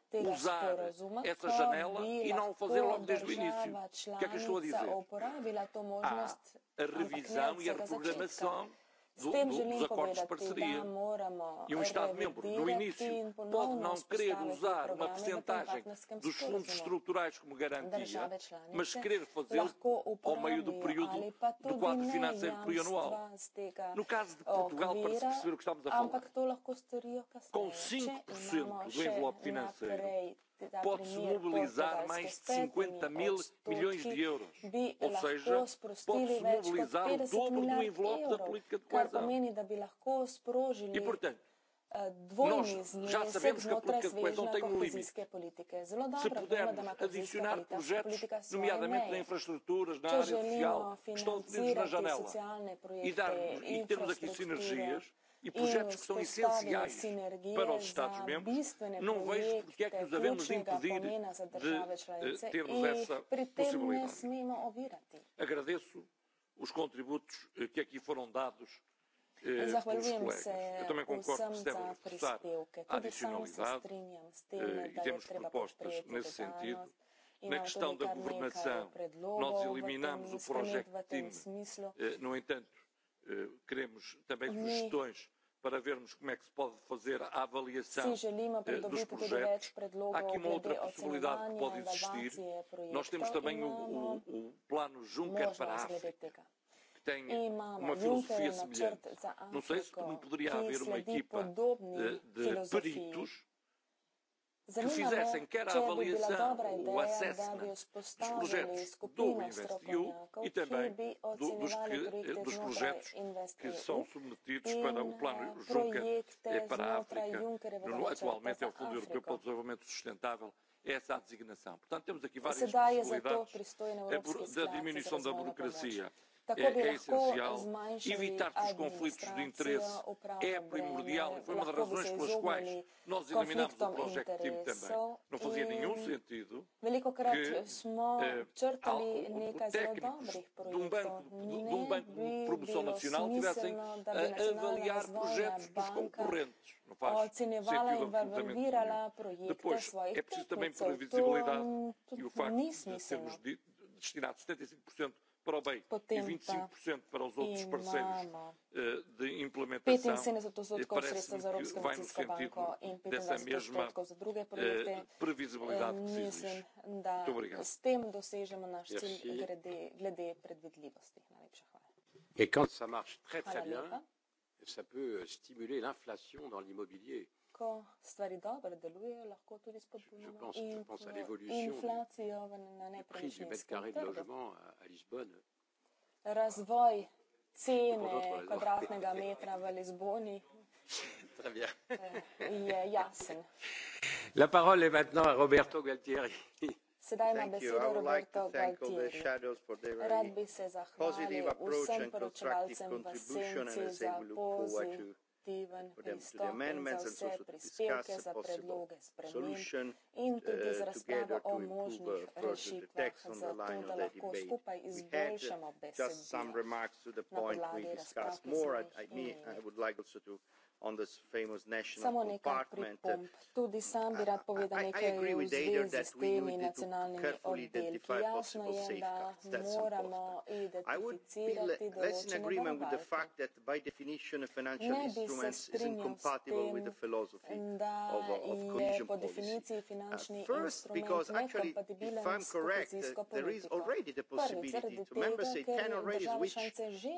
tega sporazuma, ko bi e lahko država članica uporabila to možnost ah, Ja, revisão e a reprogramação do, do, dos acordos de parceria. Eh, e um Estado-membro, no início, pode não querer usar uma porcentagem dos fundos estruturais como garantia, mas querer fazê-lo ao meio do período do quadro financeiro plurianual. No caso de Portugal, eh, para se perceber o que estamos a falar, com 5% do envelope financeiro, pode eh, se mobilizar mais de 50 mil milhões de euros. Ou seja, pode se mobilizar o dobro do envelope da política de coesão. E, portanto, nós já sabemos que a política de coesão tem um limite. Se pudermos adicionar projetos, nomeadamente nas infraestruturas, na área social, que estão detidos na janela, e, dar, e termos aqui sinergias, e projetos que são essenciais para os Estados-membros, não vejo porque é que nos devemos impedir de eh, termos essa e possibilidade. Agradeço os contributos eh, que aqui foram dados eh, pelos colegas. Eu também concordo que se deve reforçar a adicionalidade eh, e temos propostas nesse sentido. E Na questão da governação, nós eliminamos o projeto de time. Eh, no entanto, Eh, queremos também Mi sugestões para vermos como é que se pode fazer a avaliação eh, dos projetos. Há aqui uma outra possibilidade que pode existir. Nós temos também o, o, o plano Juncker para a África, que tem e, uma filosofia semelhante. Não sei se não poderia haver uma equipa de, de peritos. Zanima me, če bi bila eh, dobra ideja, da bi vzpostavili skupino strokovnjakov, ki eh, bi ocenjevali projekte znotraj investicij in projekte znotraj Junckerjeva načrta za Afriko. Essa designação. Portanto, temos aqui várias possibilidades. É por, da diminuição da burocracia. Da é, é essencial. Evitar que os conflitos de interesse é primordial e foi uma das razões pelas quais nós eliminámos o projeto de time também. Não fazia nenhum sentido que uh, técnicos de um banco de, de um banco de promoção nacional tivessem a avaliar projetos dos concorrentes. Não faz sentido e absolutamente nenhum. Depois, é preciso também previsibilidade e o facto de termos destinado 75% para o bem Potenta. e 25% e para os outros e parceiros mama. Eh, de implementação. E parece que vai no sentido dessa mesma uh, previsibilidade eh, que se exige. Muito obrigado. E quando isso marche très, très bien, isso pode estimular a inflação no imobiliário ko stvari dobro delujejo, lahko tudi spodbujamo inflacijo na nepremičninskem trgu. Razvoj cene kvadratnega metra v Lizboni eh, je jasen. La parole est maintenant à Roberto Galtieri. Sedaj ima besedo Roberto Galtieri. Rad bi se zahvalil vsem poročevalcem v senci za pozitivno aktiven, pristopen za vse prispevke, za predloge, spremljen in tudi eh, z razpravo o uh, možnih rešitvah, zato da lahko skupaj uh, izboljšamo besedilo na podlagi razprav, ki smo jih imeli. Samo nekaj pripomb. Tudi sam bi rad povedal nekaj v zvezi s temi nacionalnimi oddelki. Jasno je, da moramo identificirati določene varovalke. Ne bi se strinjal s tem, da je po definiciji finančni uh, instrument nekompatibilen s kohezijsko uh, politiko. Prvi, zaradi tega, ker države članice že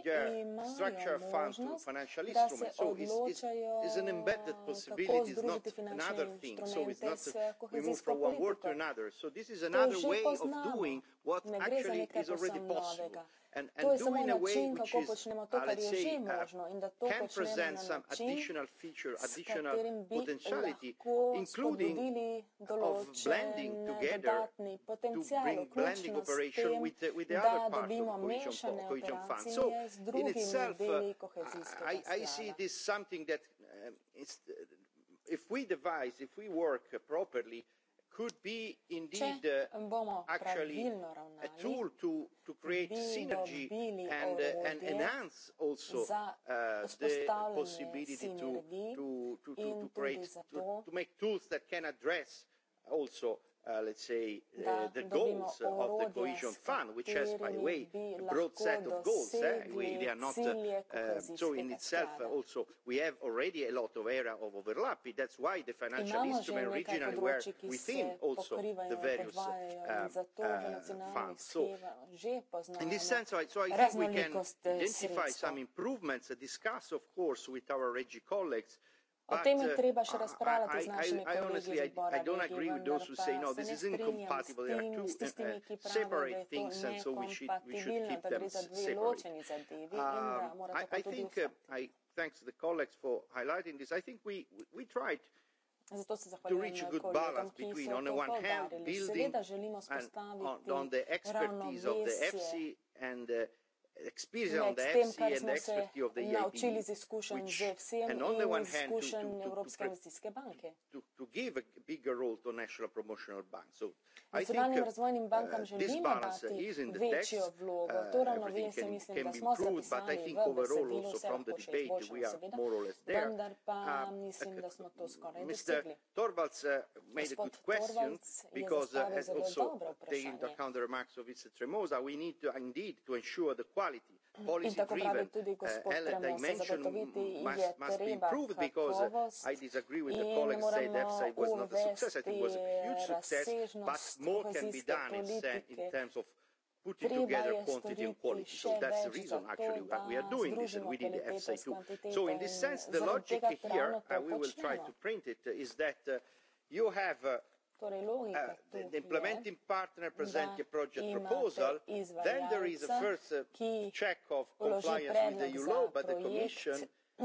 imajo možnost, da se odločajo is an embedded eh, possibility, it's not another thing. So it's not, a, we move from one word to another. So this is another way of doing ne gre za nekaj povsem novega. To je samo način, kako počnemo to, kar je že možno in da to počnemo na način, s katerim bi lahko spodobili določen dodatni potencijal, vključno s tem, da dobimo mešane operacije z drugimi uh, deli kohezijskega sklada. Um, if we devise, if we work properly, če uh, bomo pravilno ravnali, bi dobili uh, orodje za uh, vzpostavljanje sinergij in tudi za to, uh, let's say, uh, the goals of the cohesion fund, which has, by the way, a broad set of goals. Eh? We, they are not, uh, uh, so in itself, uh, also, we have already a lot of area of overlap. That's why the financial instrument originally were within also the various uh, uh, funds. So in this sense, so I think we can eh, identify some improvements, uh, discuss, of course, with our regi colleagues, uh, O tem je uh, treba še razpravljati z našimi kolegi iz odbora. No, ne strinjam se s tistimi, uh, ki pravijo, da je to nekompatibilno, da gre za dve ločeni zadevi in um, da mora to tudi ostati. Uh, thanks to the colleagues for highlighting this. I think we, we tried to reach a good balance between, on the one hand, building and on, on the expertise of the FC and the uh, tem, kar smo se e, naučili iz izkušenj že vsem in izkušenj Evropske investicijske banke. Nacionalnim uh, razvojnim bankam želimo dati večjo vlogo. Uh, to torej, ravnovesje mislim, da smo zapisali v besedilu, se lahko še izboljšamo seveda, vendar pa uh, mislim, da smo to skoraj dosegli. Torvalds, uh, made a good question because uh, as also taking into account the remarks of Mr. Tremosa, we need to indeed to ensure the quality reality. In tako pravi tudi gospod Kremlj, eh, se zagotoviti je treba uh, kakovost in moramo uvesti razsežnost kohezijske politike. Treba je storiti še več zatoga, združimo prioritete s kvantitete. Zaradi tega ravno to počnemo torej logika, uh, the, the implementing je, partner presents a project proposal, then there is a first uh, check of compliance with the EU law by the Commission.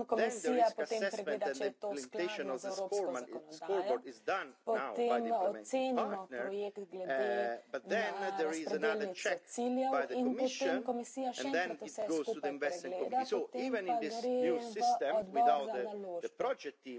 Komisija potem pregleda, če je to skladno z evropsko zakonodajo, potem ocenimo projekt uh, glede na razpredelnice ciljev in potem komisija še enkrat vse skupaj pregleda, potem pa gre v odbor za naložbe.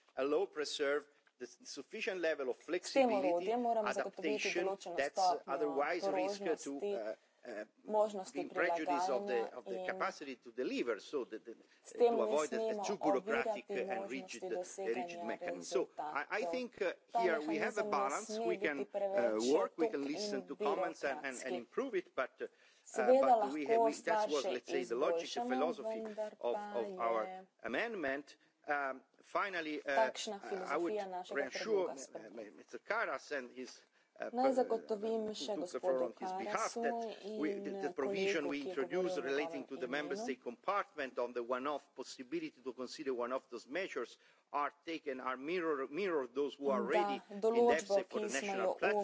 S tem orodjem moramo zagotoviti določeno stopnjo uh, prožnosti, uh, uh, možnosti prilagajanja in so, the, the, s uh, tem ne smemo ovirati možnosti doseganja rezultatov. Ta mehanizem nas ni biti uh, preveč šutok in birokratski. Seveda lahko starše in izboljšamo, vendar pa je finally uh, uh, i would reassure mr karas and his Uh, Naj uh, zagotovim še gospodu Karasu in tistim, uh, ki govorijo o tem, da določbo, ki smo jo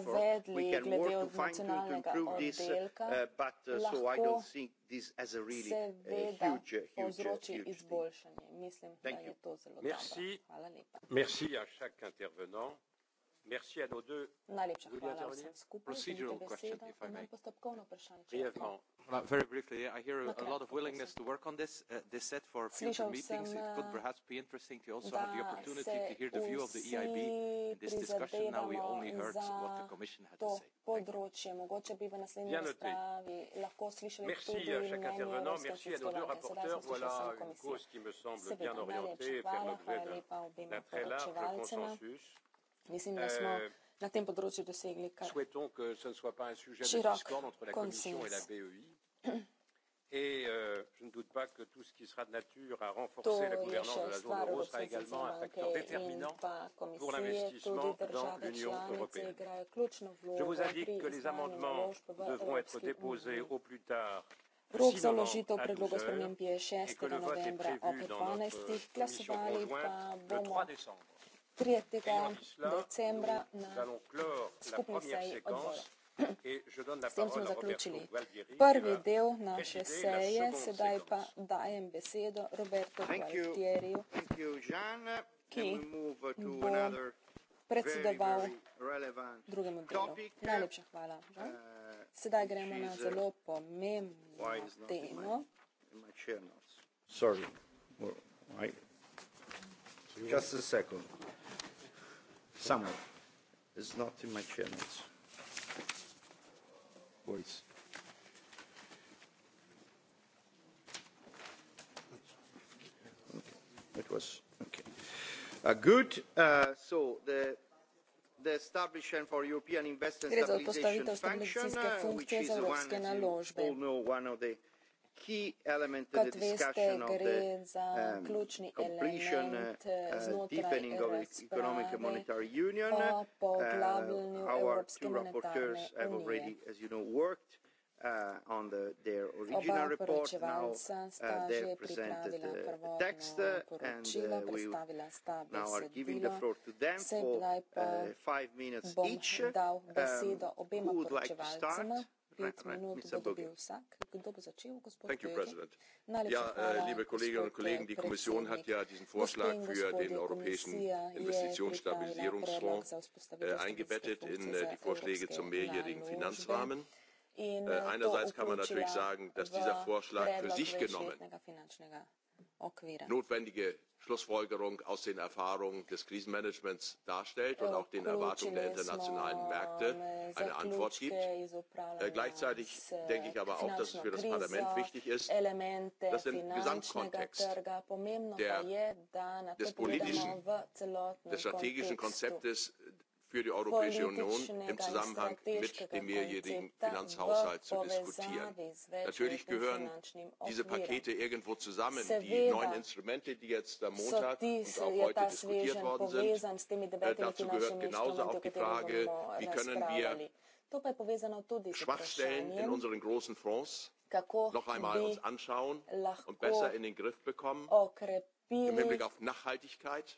uvedli glede od nacionalnega oddelka, lahko seveda povzroči izboljšanje. Mislim, da je to zelo dobro. Hvala lepa. Merci à nos deux. Najlepša hvala vsem skupaj. Besedo, imam postopkovno vprašanje. Prijevno. Well, very briefly, I hear a, a lot of willingness to work on this. Uh, they said for future meetings it could uh, perhaps be interesting to also have the opportunity to hear the view of the EIB in this discussion. Now we only heard what the Commission had to say. Področje. Mogoče bi v naslednji razpravi lahko slišali merci tudi mnenje Ruske rapporteur. Voilà une cause qui me semble bien orientée vers l'objet d'un très large consensus. Mislim, da smo euh, na tem področju dosegli kar širok konsenzus. E et euh, je ne doute pas que tout ce qui sera de nature à renforcer to la gouvernance de la zone euro sera également un facteur déterminant pour l'investissement dans l'Union européenne. Je vous indique que les amendements devront être déposés au plus tard. Rok za vložitev predloga sprememb je 6. novembra, ob 12. glasovali pa bomo. 3. decembra na skupni seji odbora. S tem smo zaključili prvi del naše seje, sedaj pa dajem besedo Roberto Gualtieriju, ki bo predsedoval drugemu delu. Najlepša hvala. Uh, sedaj gremo na uh, zelo pomembno temo. Sorry. Just a second somewhere. It's not in my channels. Voice. Okay. It was okay. Uh, good. Uh, so the the establishment for European Investment Stabilization Function, uh, which is one, as you all know, one of the Kot veste, gre za um, ključni element uh, uh, znotraj po uh, poglabljanju Evropske monetarne unije. Uh, on the, their original Oba report. Now uh, they presented the text and uh, we now are giving the floor to them for uh, five minutes each. Um, who would like to start? pet minut bo dobil vsak. Kdo bo začel, gospod Böge? Najlepša ja, eh, hvala, gospod ja predsednik. Gospod in gospod komisija je pripravila predlog za vzpostavitev eh, stabilizacijske funkcije na eh, Evropske unije. In to vključila v program letnega finančnega okvire. Notwendige Schlussfolgerung aus den Erfahrungen des Krisenmanagements darstellt und auch den Erwartungen der internationalen Märkte eh, eine Antwort gibt. Äh, gleichzeitig denke ich aber auch, dass es für das Parlament wichtig ist, dass im Gesamtkontext der, des politischen, des strategischen Konzeptes für die Europäische Union im Zusammenhang mit dem mehrjährigen Finanzhaushalt zu diskutieren. Natürlich gehören diese Pakete irgendwo zusammen. Die neuen Instrumente, die jetzt am Montag und auch heute diskutiert worden sind, äh, dazu gehört genauso auch die Frage, wie eh, können wir Schwachstellen in unseren großen Fonds noch einmal uns anschauen und besser in den Griff bekommen im Hinblick auf Nachhaltigkeit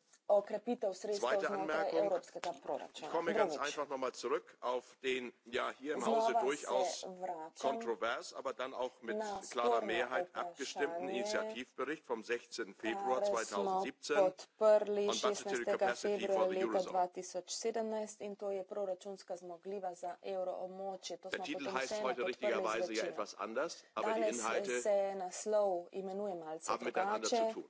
okrepitev sredstev evropskega proračuna. Ich komme ganz einfach noch mal zurück auf den ja hier im Hause durchaus kontrovers, aber dann auch mit klarer Mehrheit abgestimmten Initiativbericht vom 16. Februar 2017 Der Titel heißt heute richtigerweise ja etwas anders, aber die eh, Inhalte haben miteinander zu tun.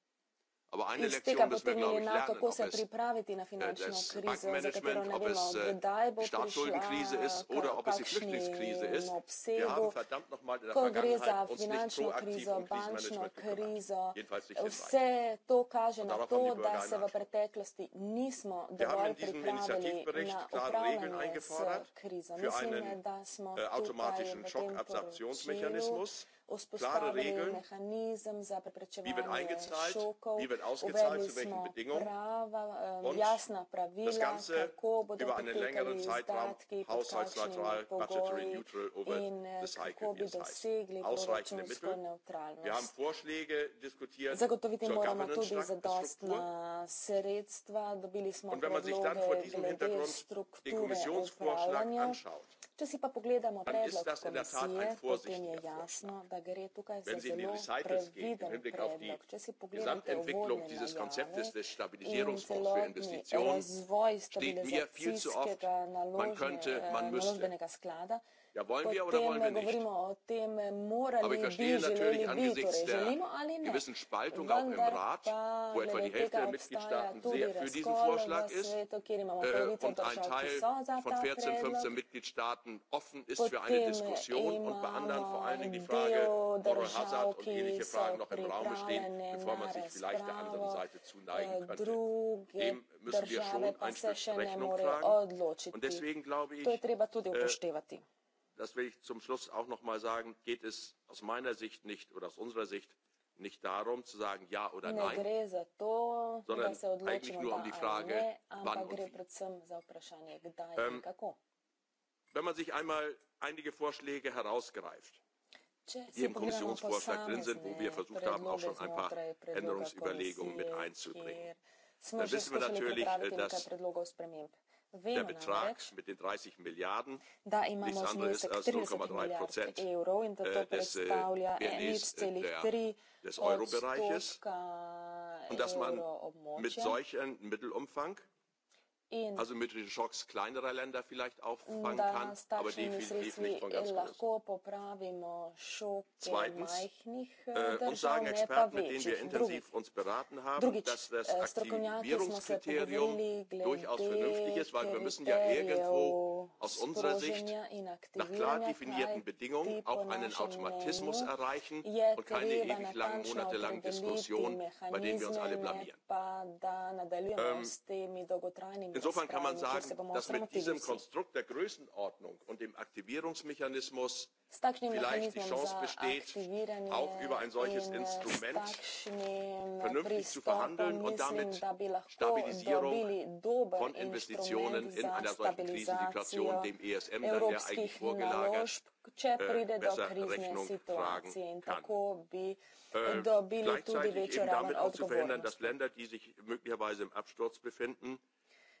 Iz tega potem je enako, kako no, se pripraviti na eh, finančno krizo, pač za katero ne no, vemo, eh, kdaj bo prišla, kakšni obsegu. Ko gre za finančno krizo, um bančno krizo, vse to kaže na to, da se v preteklosti nismo dovolj pripravili na upravljanje s krizo. Mislim, da smo äh, tukaj v tem poročilu vzpostavili mehanizem za preprečevanje šokov, uvedli smo prava, ähm, jasna pravila, kako bodo potekali izdatki, pod kakšnimi pogoji in äh, kako bi dosegli proračunsko neutralnost. Zagotoviti moramo tudi zadostna sredstva, dobili smo predloge glede strukture upravljanja. Če si pa pogledamo predlog komisije, potem je jasno, da gre tukaj za zelo previden predlog. Če si pogledate uvodne najave in celotni razvoj stabilizacijskega naložbenega sklada, Ja, wollen wir oder wollen wir nicht? Aber ich verstehe natürlich torej angesichts der gewissen Spaltung auch im Rat, wo etwa die Hälfte der Mitgliedstaaten sehr für diesen Vorschlag ist äh, und ein Teil von 14, 15 Mitgliedstaaten offen ist für eine Diskussion und bei anderen vor allen Dingen die Frage Moral Hazard und ähnliche Fragen noch im Raum stehen, bevor man sich vielleicht der anderen Seite zuneigen eh, könnte. Dem müssen wir schon ein Stück Rechnung tragen. Und deswegen glaube ich, äh, das will ich zum Schluss auch noch mal sagen, geht es aus meiner Sicht nicht oder aus unserer Sicht nicht darum zu sagen ja oder nein, to, sondern eigentlich nur um die Frage, ne, wann und wie. Ähm, wenn man sich einmal einige Vorschläge herausgreift, die im Kommissionsvorschlag drin sind, wo wir versucht haben, auch schon ein paar Änderungsüberlegungen mit einzubringen. Dann wissen wir natürlich, äh, dass Vemo betrag, namreč, 30 milijarden, da imamo znesek 30 milijard evrov in da äh, to äh, predstavlja 1,3 äh, odstotka evroobmočja. In also mit den Schocks kleinerer Länder vielleicht auffangen kann, aber definitiv nicht von ganz groß. Zweitens, äh, äh uns sagen Experten, mit denen wir intensiv uns beraten haben, dass das äh, Aktivierungskriterium durchaus vernünftig ist, weil wir müssen ja irgendwo aus unserer Sicht nach klar definierten Bedingungen auch einen Automatismus erreichen und keine ewig langen, monatelangen Diskussionen, bei denen wir uns alle blamieren. Ähm, Insofern kann man sagen, dass mit diesem Konstrukt der Größenordnung und dem Aktivierungsmechanismus vielleicht die Chance besteht, auch über ein solches Instrument vernünftig zu verhandeln und damit Stabilisierung von Investitionen in einer solchen Krisensituation dem ESM dann ja eigentlich vorgelagert. Če pride do krizne situacije in tako bi dobili tudi večjo raven odgovornosti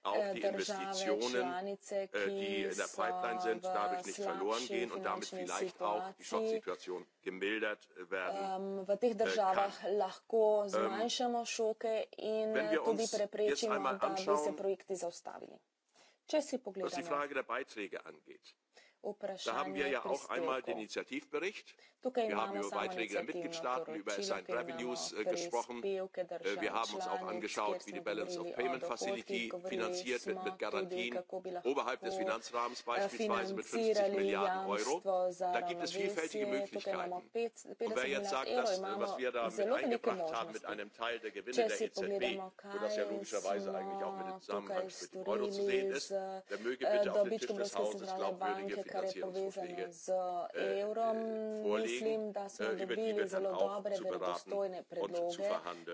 auch äh, die Investitionen, äh, die in der Pipeline sind, dadurch nicht verloren gehen und damit vielleicht auch die Schocksituation gemildert werden ähm, äh, kann. Ähm, wenn wir uns jetzt einmal anschauen, was die Frage der Beiträge angeht, Da haben wir ja auch einmal den Initiativbericht. Wir haben über Beiträge der Mitgliedstaaten, torej über Assigned Revenues äh, gesprochen. Äh, wir haben uns auch angeschaut, wie die Balance of Payment Facility finanziert wird mit Garantien äh, oberhalb des Finanzrahmens, beispielsweise mit 50 Milliarden Euro. Da gibt es vielfältige Möglichkeiten. Und wer jetzt sagt, dass, was wir da mit eingebracht haben mit einem Teil der Gewinne der EZB, wo das ja logischerweise eigentlich auch mit dem Zusammenhang mit dem Euro zu sehen ist, der möge bitte auf den Tisch des Hauses glaubwürdige kar je povezano z eh, eh, evrom. Mislim, da smo eh, dobili zelo dobre, verodostojne predloge,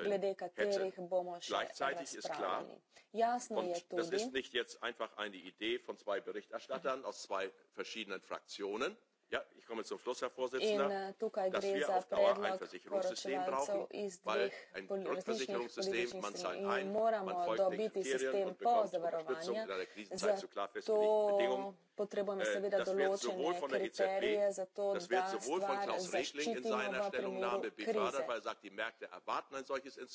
glede katerih bomo še razpravljali. Jasno je tudi, da je to zdaj samo ena ideja dveh poročevalcev iz dveh različnih frakcij. Ja, ich komme zum Schluss, Herr Vorsitzender, äh, tukaj dass wir auf Dauer ein Versicherungssystem brauchen, weil ein Rückversicherungssystem, man zahlt ein, man folgt den Kriterien und bekommt Unterstützung in einer Krisenzeit zu klar festgelegten Bedingungen. Potrebujemo äh, seveda določene kriterije za to, da stvar zaščitimo v primeru krize.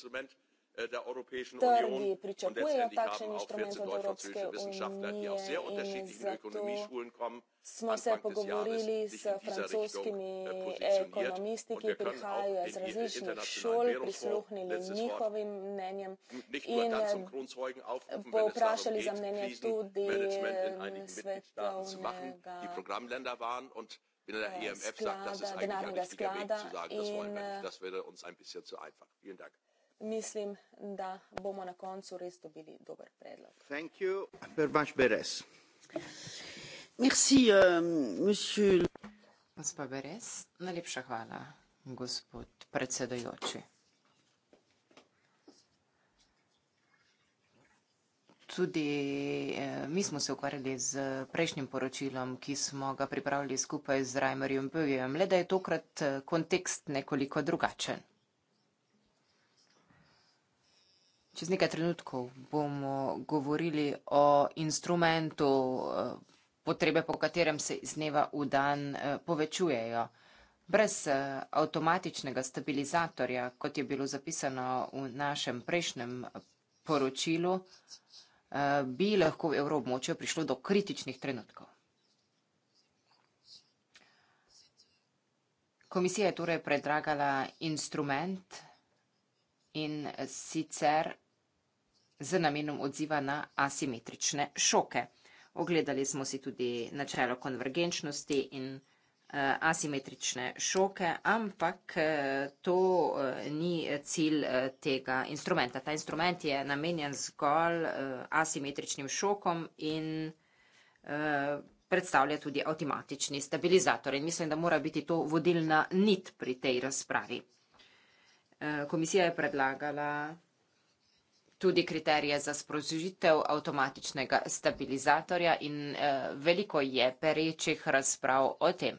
Äh, der Europäischen Union und letztendlich haben auch 14 deutsche französische Wissenschaftler, die aus sehr unterschiedlichen Ökonomieschulen kommen, Smo se pogovorili s francoskimi äh, äh, ekonomisti, ki prihajajo iz različnih šol, prisluhnili njihovim mnenjem in povprašali za mnenje tudi ähm, svetovnega e sklada, denarnega sklada in mislim, da bomo na koncu res dobili dober predlog. Merci, uh, monsieur... Gospa Beres, najlepša hvala, gospod predsedojoči. Tudi eh, mi smo se ukvarjali z prejšnjim poročilom, ki smo ga pripravili skupaj z Reimerjem Böjem, le da je tokrat eh, kontekst nekoliko drugačen. Čez nekaj trenutkov bomo govorili o instrumentu, eh, potrebe po katerem se iz dneva v dan eh, povečujejo. Brez eh, avtomatičnega stabilizatorja, kot je bilo zapisano v našem prejšnjem poročilu, bi lahko v evroobmočju prišlo do kritičnih trenutkov. Komisija je torej predragala instrument in sicer z namenom odziva na asimetrične šoke. Ogledali smo si tudi načelo konvergenčnosti in eh, asimetrične šoke, ampak eh, to eh, ni cilj tega instrumenta. Ta instrument je namenjen zgolj asimetričnim šokom in predstavlja tudi avtomatični stabilizator. In mislim, da mora biti to vodilna nit pri tej razpravi. Komisija je predlagala tudi kriterije za sprožitev avtomatičnega stabilizatorja in eh, veliko je perečih razprav o tem. Eh,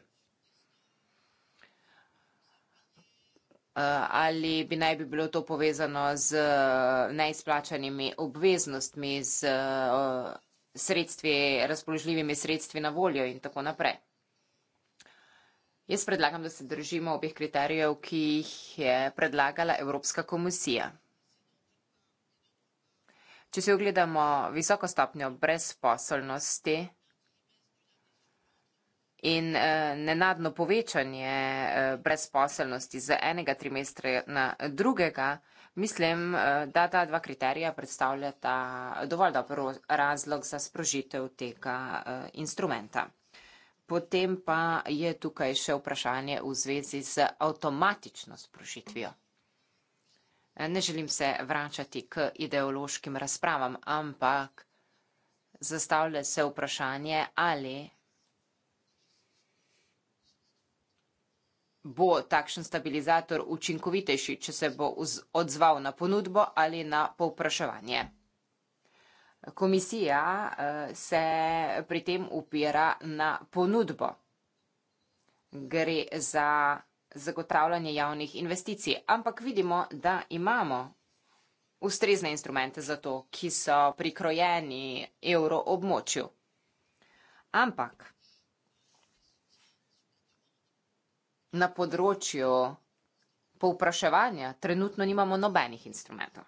ali bi naj bi bilo to povezano z eh, neizplačanimi obveznostmi, z sredstvi, razpoložljivimi sredstvi na voljo in tako naprej. Jaz predlagam, da se držimo obih kriterijev, ki jih je predlagala Evropska komisija. Če si ogledamo visoko stopnjo brezposobnosti in eh, nenadno povečanje eh, brezposobnosti z enega trimestra na drugega, mislim, eh, da ta dva kriterija predstavljata dovolj dober razlog za sprožitev tega instrumenta. Potem pa je tukaj še vprašanje v zvezi z avtomatično sprožitvijo. Ne želim se vračati k ideološkim razpravam, ampak zastavlja se vprašanje, ali bo takšen stabilizator učinkovitejši, če se bo odzval na ponudbo ali na povpraševanje. Komisija eh, se pri tem upira na ponudbo. Gre za zagotavljanje javnih investicij, ampak vidimo, da imamo ustrezne instrumente za to, ki so prikrojeni evro območju. Ampak na področju povpraševanja trenutno nimamo nobenih instrumentov.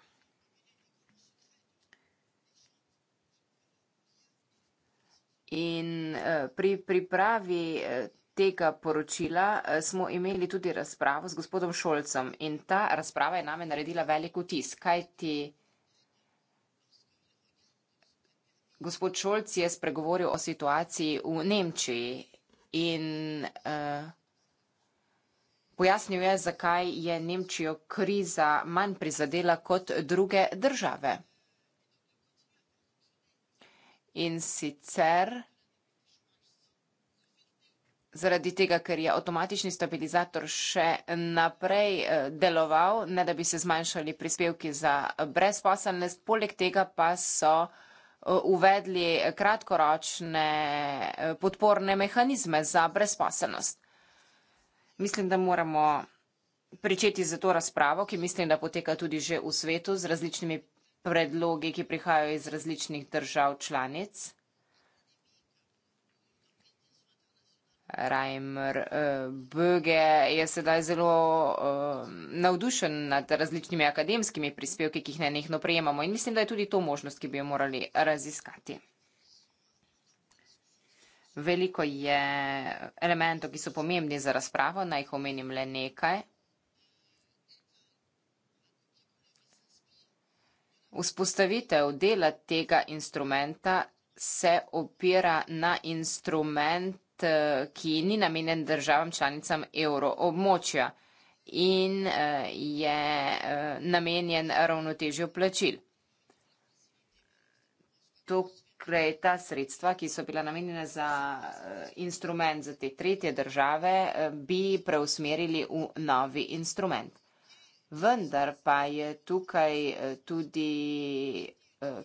In eh, pri pripravi eh, tega poročila eh, smo imeli tudi razpravo z gospodom Šolcem in ta razprava je name naredila velik vtis, kaj ti gospod Šolc je spregovoril o situaciji v Nemčiji in eh, pojasnil je, zakaj je Nemčijo kriza manj prizadela kot druge države. In sicer zaradi tega, ker je avtomatični stabilizator še naprej eh, deloval, ne da bi se zmanjšali prispevki za brezposelnost. Poleg tega pa so eh, uvedli kratkoročne eh, podporne mehanizme za brezposelnost. Mislim, da moramo pričeti za to razpravo, ki mislim, da poteka tudi že v svetu z različnimi predlogi, ki prihajajo iz različnih držav članic. Reimer eh, Böge je sedaj zelo uh, navdušen nad različnimi akademskimi prispevki, ki jih ne nekno prejemamo in mislim, da je tudi to možnost, ki bi jo morali raziskati. Veliko je elementov, ki so pomembni za razpravo, naj jih omenim le nekaj. Vzpostavitev dela tega instrumenta se opira na instrument Eh, ki ni namenjen državam članicam evroobmočja in eh, je eh, namenjen ravnotežju plačil. Tukaj ta sredstva, ki so bila namenjena za instrument za te tretje države, bi preusmerili v novi instrument. Vendar pa je tukaj tudi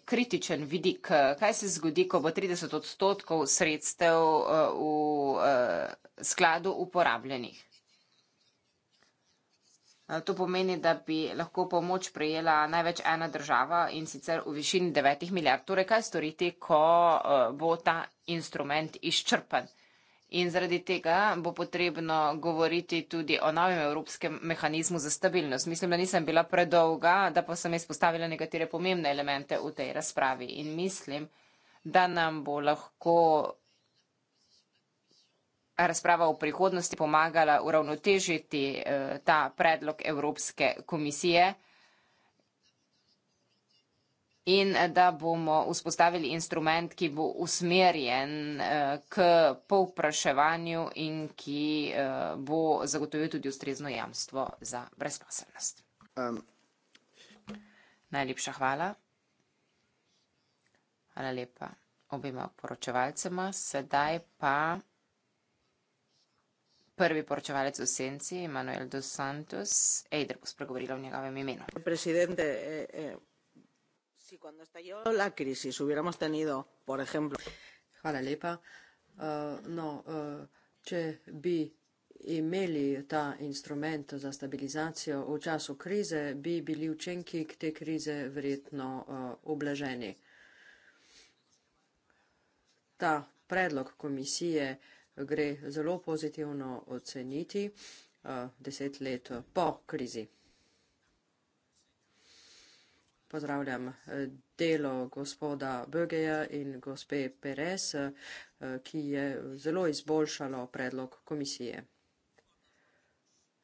kritičen vidik. Kaj se zgodi, ko bo 30 odstotkov sredstev eh, v eh, skladu uporabljenih? Eh, to pomeni, da bi lahko pomoč prejela največ ena država in sicer v višini 9 milijard. Torej, kaj storiti, ko bo ta instrument izčrpan? In zaradi tega bo potrebno govoriti tudi o novem evropskem mehanizmu za stabilnost. Mislim, da nisem bila predolga, da pa sem izpostavila nekatere pomembne elemente v tej razpravi. In mislim, da nam bo lahko razprava v prihodnosti pomagala uravnotežiti eh, ta predlog Evropske komisije in da bomo vzpostavili instrument, ki bo usmerjen eh, k povpraševanju in ki eh, bo zagotovil tudi ustrezno jamstvo za brezposelnost. Um. Najlepša hvala. Hvala lepa obima poročevalcema. Sedaj pa prvi poročevalec v senci, Emanuel dos Santos. Ejder bo spregovorila v njegovem imenu. Presidente, eh, eh si cuando estalló la crisis hubiéramos tenido, por ejemplo. Hvala lepa. Uh, no, uh, če bi imeli ta instrument za stabilizacijo v času krize, bi bili učenki k te krize verjetno uh, oblaženi. Ta predlog komisije gre zelo pozitivno oceniti uh, deset let po krizi pozdravljam eh, delo gospoda Bögeja in gospe Perez, eh, ki je zelo izboljšalo predlog komisije.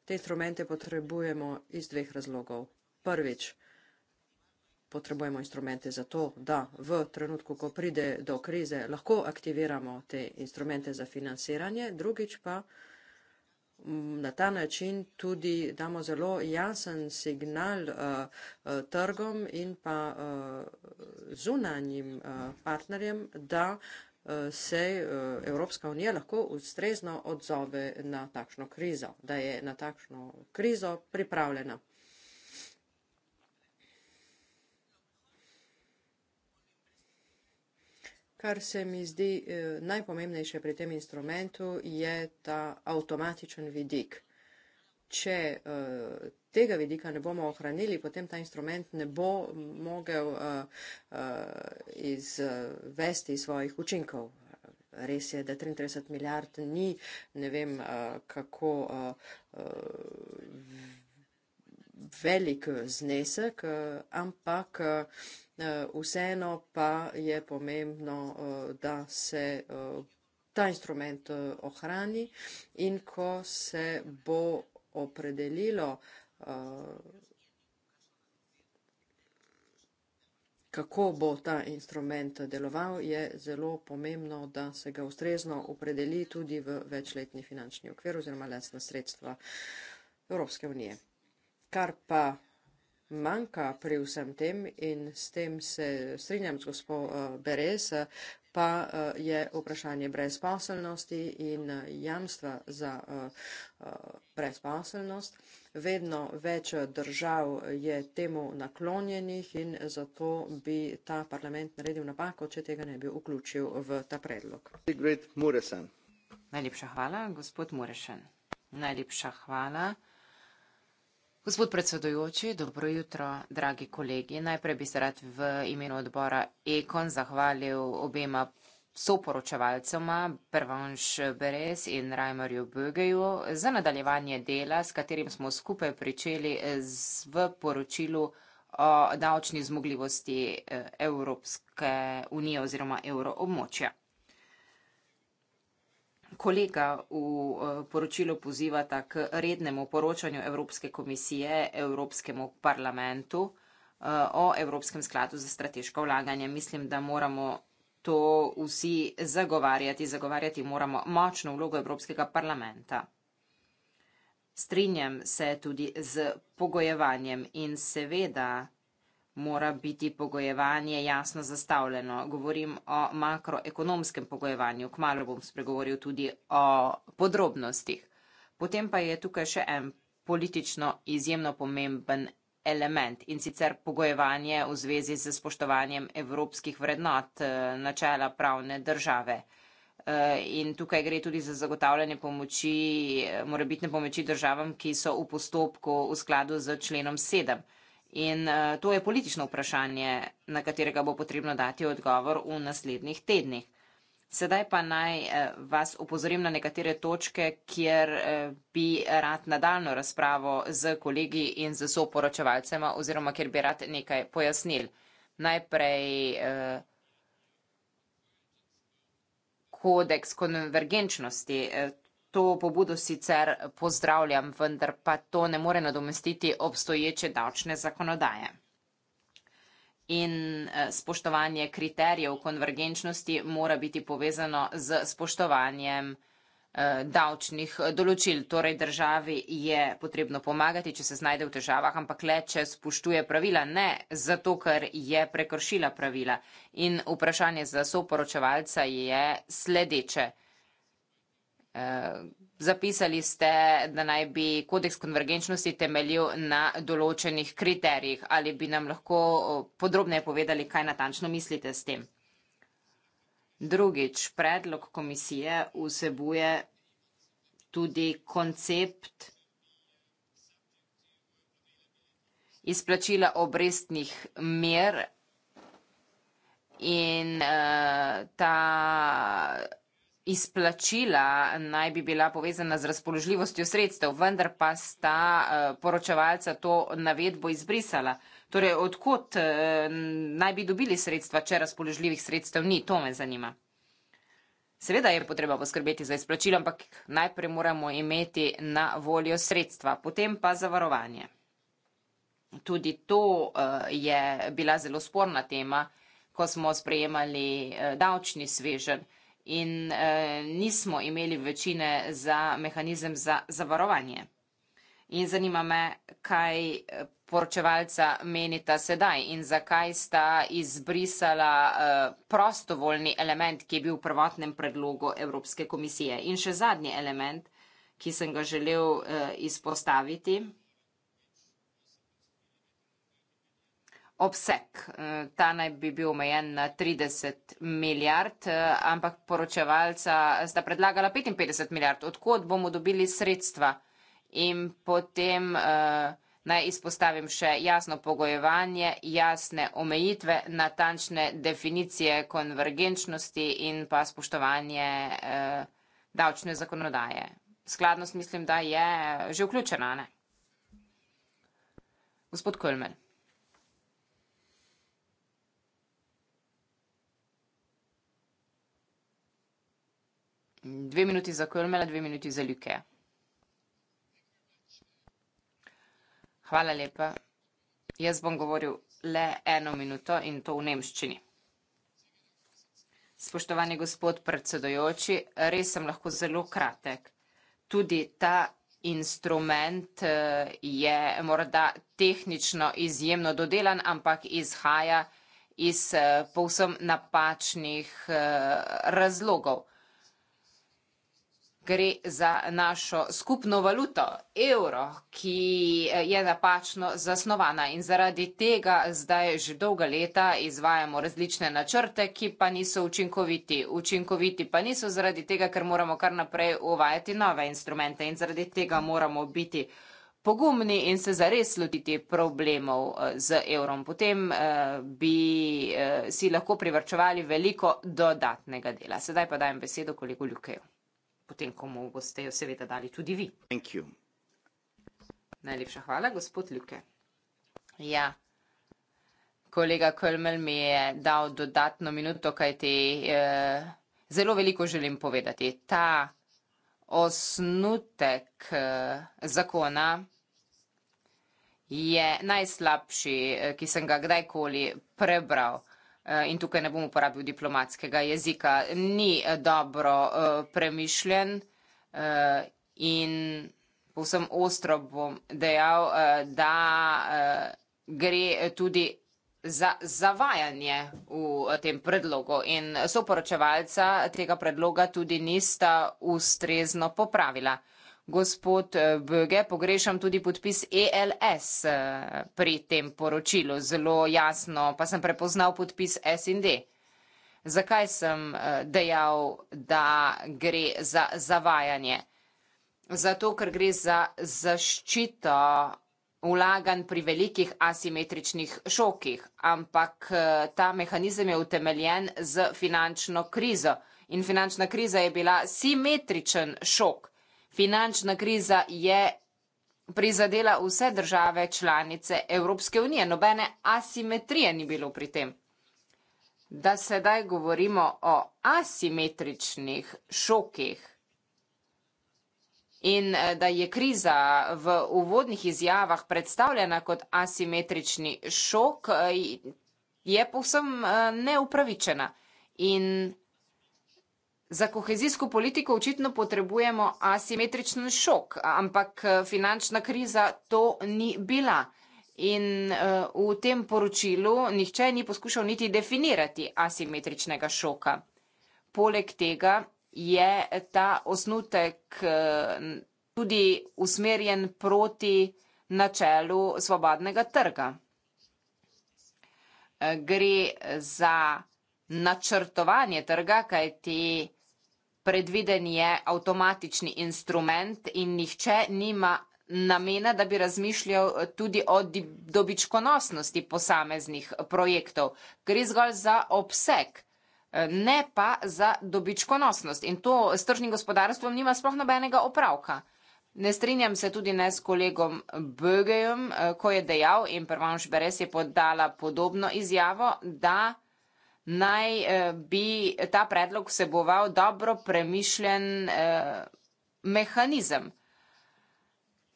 Te instrumente potrebujemo iz dveh razlogov. Prvič, potrebujemo instrumente zato, da v trenutku, ko pride do krize, lahko aktiviramo te instrumente za financiranje. Drugič pa, na ta način tudi damo zelo jasen signal eh, eh, trgom in pa eh, zunanjim partnerjem, da se Evropska unija lahko ustrezno odzove na takšno krizo, da je na takšno krizo pripravljena. Kar se mi zdi eh, najpomembnejše pri tem instrumentu je ta avtomatičen vidik. Če eh, tega vidika ne bomo ohranili, potem ta instrument ne bo mogel eh, eh, izvesti svojih učinkov. Res je, da 33 milijard ni, ne vem eh, kako. Eh, velik znesek, eh, ampak eh, Eh, vseeno pa je pomembno, eh, da se eh, ta instrument ohrani in ko se bo opredelilo, kako bo ta instrument deloval, je zelo pomembno, da se ga ustrezno opredeli tudi v večletni finančni okvir oziroma lesna sredstva Evropske unije. Kar pa manjka pri vsem tem in s tem se strinjam z gospod eh, Beres, pa eh, je vprašanje brezposelnosti in eh, jamstva za brezposelnost. Vedno več držav je temu naklonjenih in zato bi ta parlament naredil napako, če tega ne bi vključil v ta predlog. Najlepša hvala, gospod Murešen. Najlepša hvala. Gospod predsedujoči, dobro jutro, dragi kolegi. Najprej bi se rad v imenu odbora Ekon zahvalil obema soporočevalcema, Pervanš Beres in Rajmarju Bögeju, za nadaljevanje dela, s katerim smo skupaj pričeli z, v poročilu o davčni zmogljivosti eh, Evropske unije oziroma evroobmočja kolega v eh, poročilu pozivata k rednemu poročanju Evropske komisije Evropskemu parlamentu eh, o Evropskem skladu za strateško vlaganje. Mislim, da moramo to vsi zagovarjati. Zagovarjati moramo močno vlogo Evropskega parlamenta. Strinjam se tudi z pogojevanjem in seveda mora biti pogojevanje jasno zastavljeno. Govorim o makroekonomskem pogojevanju, kmalo bom spregovoril tudi o podrobnostih. Potem pa je tukaj še en politično izjemno pomemben element in sicer pogojevanje v zvezi z spoštovanjem evropskih vrednot, eh, načela pravne države. Eh, in tukaj gre tudi za zagotavljanje pomoči, eh, morebitne pomoči državam, ki so v postopku v skladu z členom 7. In uh, to je politično vprašanje, na katerega bo potrebno dati odgovor v naslednjih tednih. Sedaj pa naj uh, vas upozorim na nekatere točke, kjer uh, bi rad nadaljno razpravo z kolegi in z soporočevalcema oziroma kjer bi rad nekaj pojasnil. Najprej uh, kodeks konvergenčnosti. Uh, To pobudo sicer pozdravljam, vendar pa to ne more nadomestiti obstoječe davčne zakonodaje. In eh, spoštovanje kriterijev konvergenčnosti mora biti povezano z spoštovanjem eh, davčnih eh, določil. Torej državi je potrebno pomagati, če se znajde v težavah, ampak le, če spoštuje pravila, ne zato, ker je prekršila pravila. In vprašanje za soporočevalca je sledeče. Eh, zapisali ste, da naj bi kodeks konvergenčnosti temeljil na določenih kriterijih. Ali bi nam lahko podrobneje povedali, kaj natančno mislite s tem? Drugič, predlog komisije vsebuje tudi koncept izplačila obrestnih mer in uh, ta izplačila naj bi bila povezana z razpoložljivostjo sredstev, vendar pa sta eh, poročevalca to navedbo izbrisala. Torej, odkot eh, naj bi dobili sredstva, če razpoložljivih sredstev ni, to me zanima. Seveda je potreba poskrbeti za izplačilo, ampak najprej moramo imeti na voljo sredstva, potem pa zavarovanje. Tudi to eh, je bila zelo sporna tema, ko smo sprejemali davčni svežen in eh, nismo imeli večine za mehanizem za zavarovanje. In zanima me, kaj eh, poročevalca menita sedaj in zakaj sta izbrisala eh, prostovoljni element, ki je bil v prvotnem predlogu Evropske komisije. In še zadnji element, ki sem ga želel eh, izpostaviti, obseg. Eh, ta naj bi bil omejen na 30 milijard, eh, ampak poročevalca sta predlagala 55 milijard. Odkot bomo dobili sredstva? In potem uh, naj izpostavim še jasno pogojevanje, jasne omejitve, natančne definicije konvergenčnosti in pa spoštovanje uh, davčne zakonodaje. Skladnost mislim, da je že vključena. Ne? Gospod Kölmel. Dve minuti za Kölmela, dve minuti za Ljuke. Hvala lepa. Jaz bom govoril le eno minuto in to v nemščini. Spoštovani gospod predsedojoči, res sem lahko zelo kratek. Tudi ta instrument eh, je morda tehnično izjemno dodelan, ampak izhaja iz eh, povsem napačnih eh, razlogov gre za našo skupno valuto, evro, ki eh, je napačno zasnovana in zaradi tega zdaj že dolga leta izvajamo različne načrte, ki pa niso učinkoviti. Učinkoviti pa niso zaradi tega, ker moramo kar naprej uvajati nove instrumente in zaradi tega moramo biti pogumni in se zares lotiti problemov eh, z evrom. Potem eh, bi eh, si lahko privrčevali veliko dodatnega dela. Sedaj pa dajem besedo kolegu Ljukeju potem, ko mu boste jo seveda dali tudi vi. Najlepša hvala, gospod Ljuke. Ja, kolega Kölmel mi je dal dodatno minuto, kaj ti eh, zelo veliko želim povedati. Ta osnutek eh, zakona je najslabši, eh, ki sem ga kdajkoli prebral. Eh, in tukaj ne bom uporabil diplomatskega jezika, ni eh, dobro eh, premišljen in povsem ostro bom dejal, da gre tudi za zavajanje v tem predlogu in soporočevalca tega predloga tudi nista ustrezno popravila gospod eh, Böge, pogrešam tudi podpis ELS eh, pri tem poročilu, zelo jasno pa sem prepoznal podpis SND. Zakaj sem eh, dejal, da gre za zavajanje? Zato, ker gre za zaščito vlagan pri velikih asimetričnih šokih, ampak ta mehanizem je utemeljen z finančno krizo. In finančna kriza je bila simetričen šok finančna kriza je prizadela vse države članice Evropske unije. Nobene asimetrije ni bilo pri tem. Da sedaj govorimo o asimetričnih šokih in eh, da je kriza v uvodnih izjavah predstavljena kot asimetrični šok, eh, je povsem eh, neupravičena. In Za kohezijsko politiko očitno potrebujemo asimetričen šok, ampak eh, finančna kriza to ni bila. In eh, v tem poročilu nihče ni poskušal niti definirati asimetričnega šoka. Poleg tega je ta osnutek eh, tudi usmerjen proti načelu svobodnega trga. Gre za načrtovanje trga, kajti predviden je avtomatični instrument in nihče nima namena, da bi razmišljal tudi o dobičkonosnosti posameznih projektov. Gre zgolj za obseg, ne pa za dobičkonosnost. In to s tržnim gospodarstvom nima sploh nobenega opravka. Ne strinjam se tudi ne s kolegom Bögejem, ko je dejal in Prvanš Beres je podala podobno izjavo, da naj eh, bi ta predlog vseboval dobro premišljen eh, mehanizem.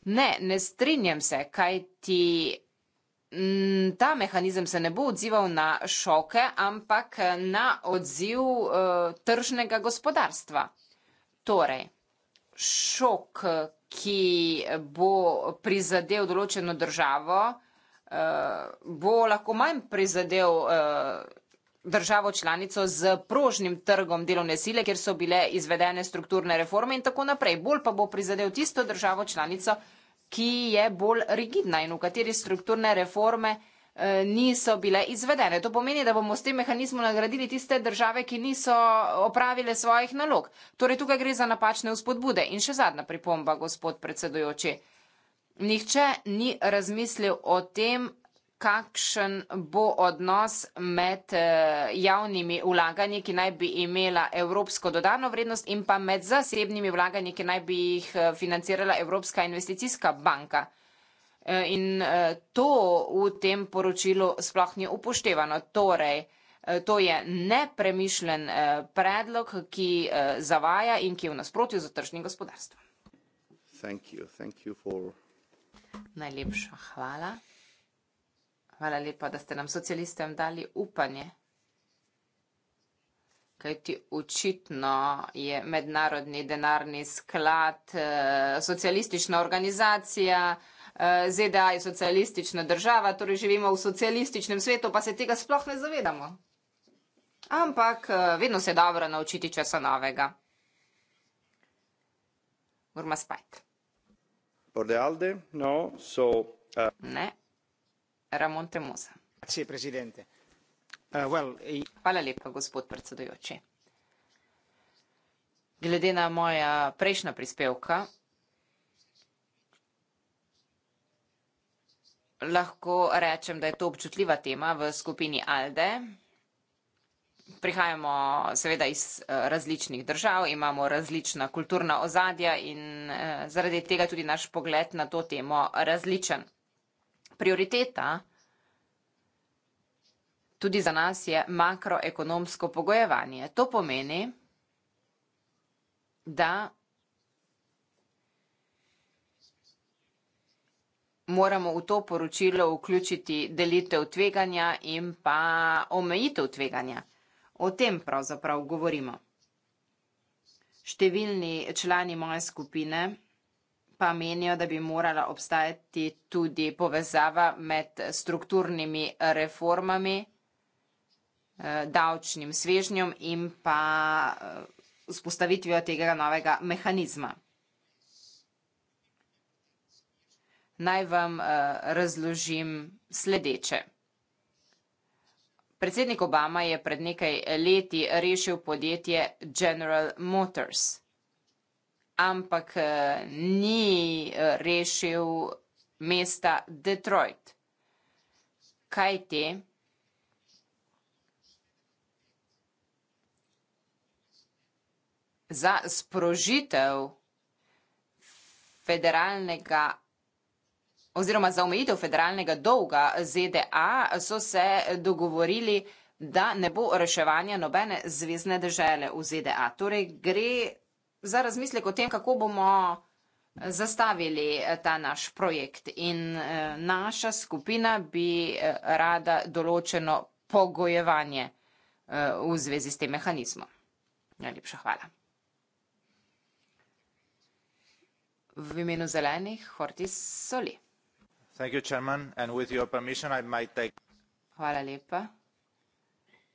Ne, ne strinjam se, kaj ti mm, ta mehanizem se ne bo odzival na šoke, ampak eh, na odziv tržnega gospodarstva. Torej, šok, ki bo prizadel določeno državo, bo lahko manj prizadel državo članico z prožnim trgom delovne sile, kjer so bile izvedene strukturne reforme in tako naprej. Bolj pa bo prizadel tisto državo članico, ki je bolj rigidna in v kateri strukturne reforme eh, niso bile izvedene. To pomeni, da bomo s tem mehanizmom nagradili tiste države, ki niso opravile svojih nalog. Torej tukaj gre za napačne vzpodbude. In še zadnja pripomba, gospod predsedujoči. Nihče ni razmislil o tem, kakšen bo odnos med eh, javnimi vlaganji, ki naj bi imela evropsko dodano vrednost in pa med zasebnimi vlaganji, ki naj bi jih eh, financirala Evropska investicijska banka. Eh, in to v tem poročilu sploh ni upoštevano. Torej, to je nepremišljen predlog, ki zavaja in ki je v nasprotju z tržnim gospodarstvom. Thank you. Thank you for... Najlepša hvala. Hvala lepa, da ste nam socialistem dali upanje. Kaj ti očitno je mednarodni denarni sklad, eh, socialistična organizacija, eh, ZDA je socialistična država, torej živimo v socialističnem svetu, pa se tega sploh ne zavedamo. Ampak eh, vedno se je dobro naučiti česa novega. Moramo no, spati. Ne. Eh, gospod predsedujoči. glede na moja prejšnja prispevka lahko rečem da je to občutljiva tema v skupini alde. prihajamo seveda iz eh, različnih držav imamo različna kulturna ozadja in eh, zaradi tega tudi naš pogled na to temo različen prioriteta tudi za nas je makroekonomsko pogojevanje. To pomeni, da moramo v to poročilo vključiti delitev tveganja in pa omejitev tveganja. O tem pravzaprav govorimo. Številni člani moje skupine pa menijo, da bi morala obstajati tudi povezava med strukturnimi reformami, eh, davčnim svežnjom in pa eh, vzpostavitvijo tega novega mehanizma. Naj vam eh, razložim sledeče. Predsednik Obama je pred nekaj leti rešil podjetje General Motors ampak eh, ni eh, rešil mesta Detroit. Kaj te? Za sprožitev federalnega oziroma za omejitev federalnega dolga ZDA so se dogovorili, da ne bo reševanja nobene zvezdne države v ZDA. Torej gre za razmislek o tem, kako bomo eh, zastavili eh, ta naš projekt. In eh, naša skupina bi rada določeno pogojevanje v zvezi s tem mehanizmom. Najlepša hvala. V imenu zelenih, Hortis Soli. Hvala lepa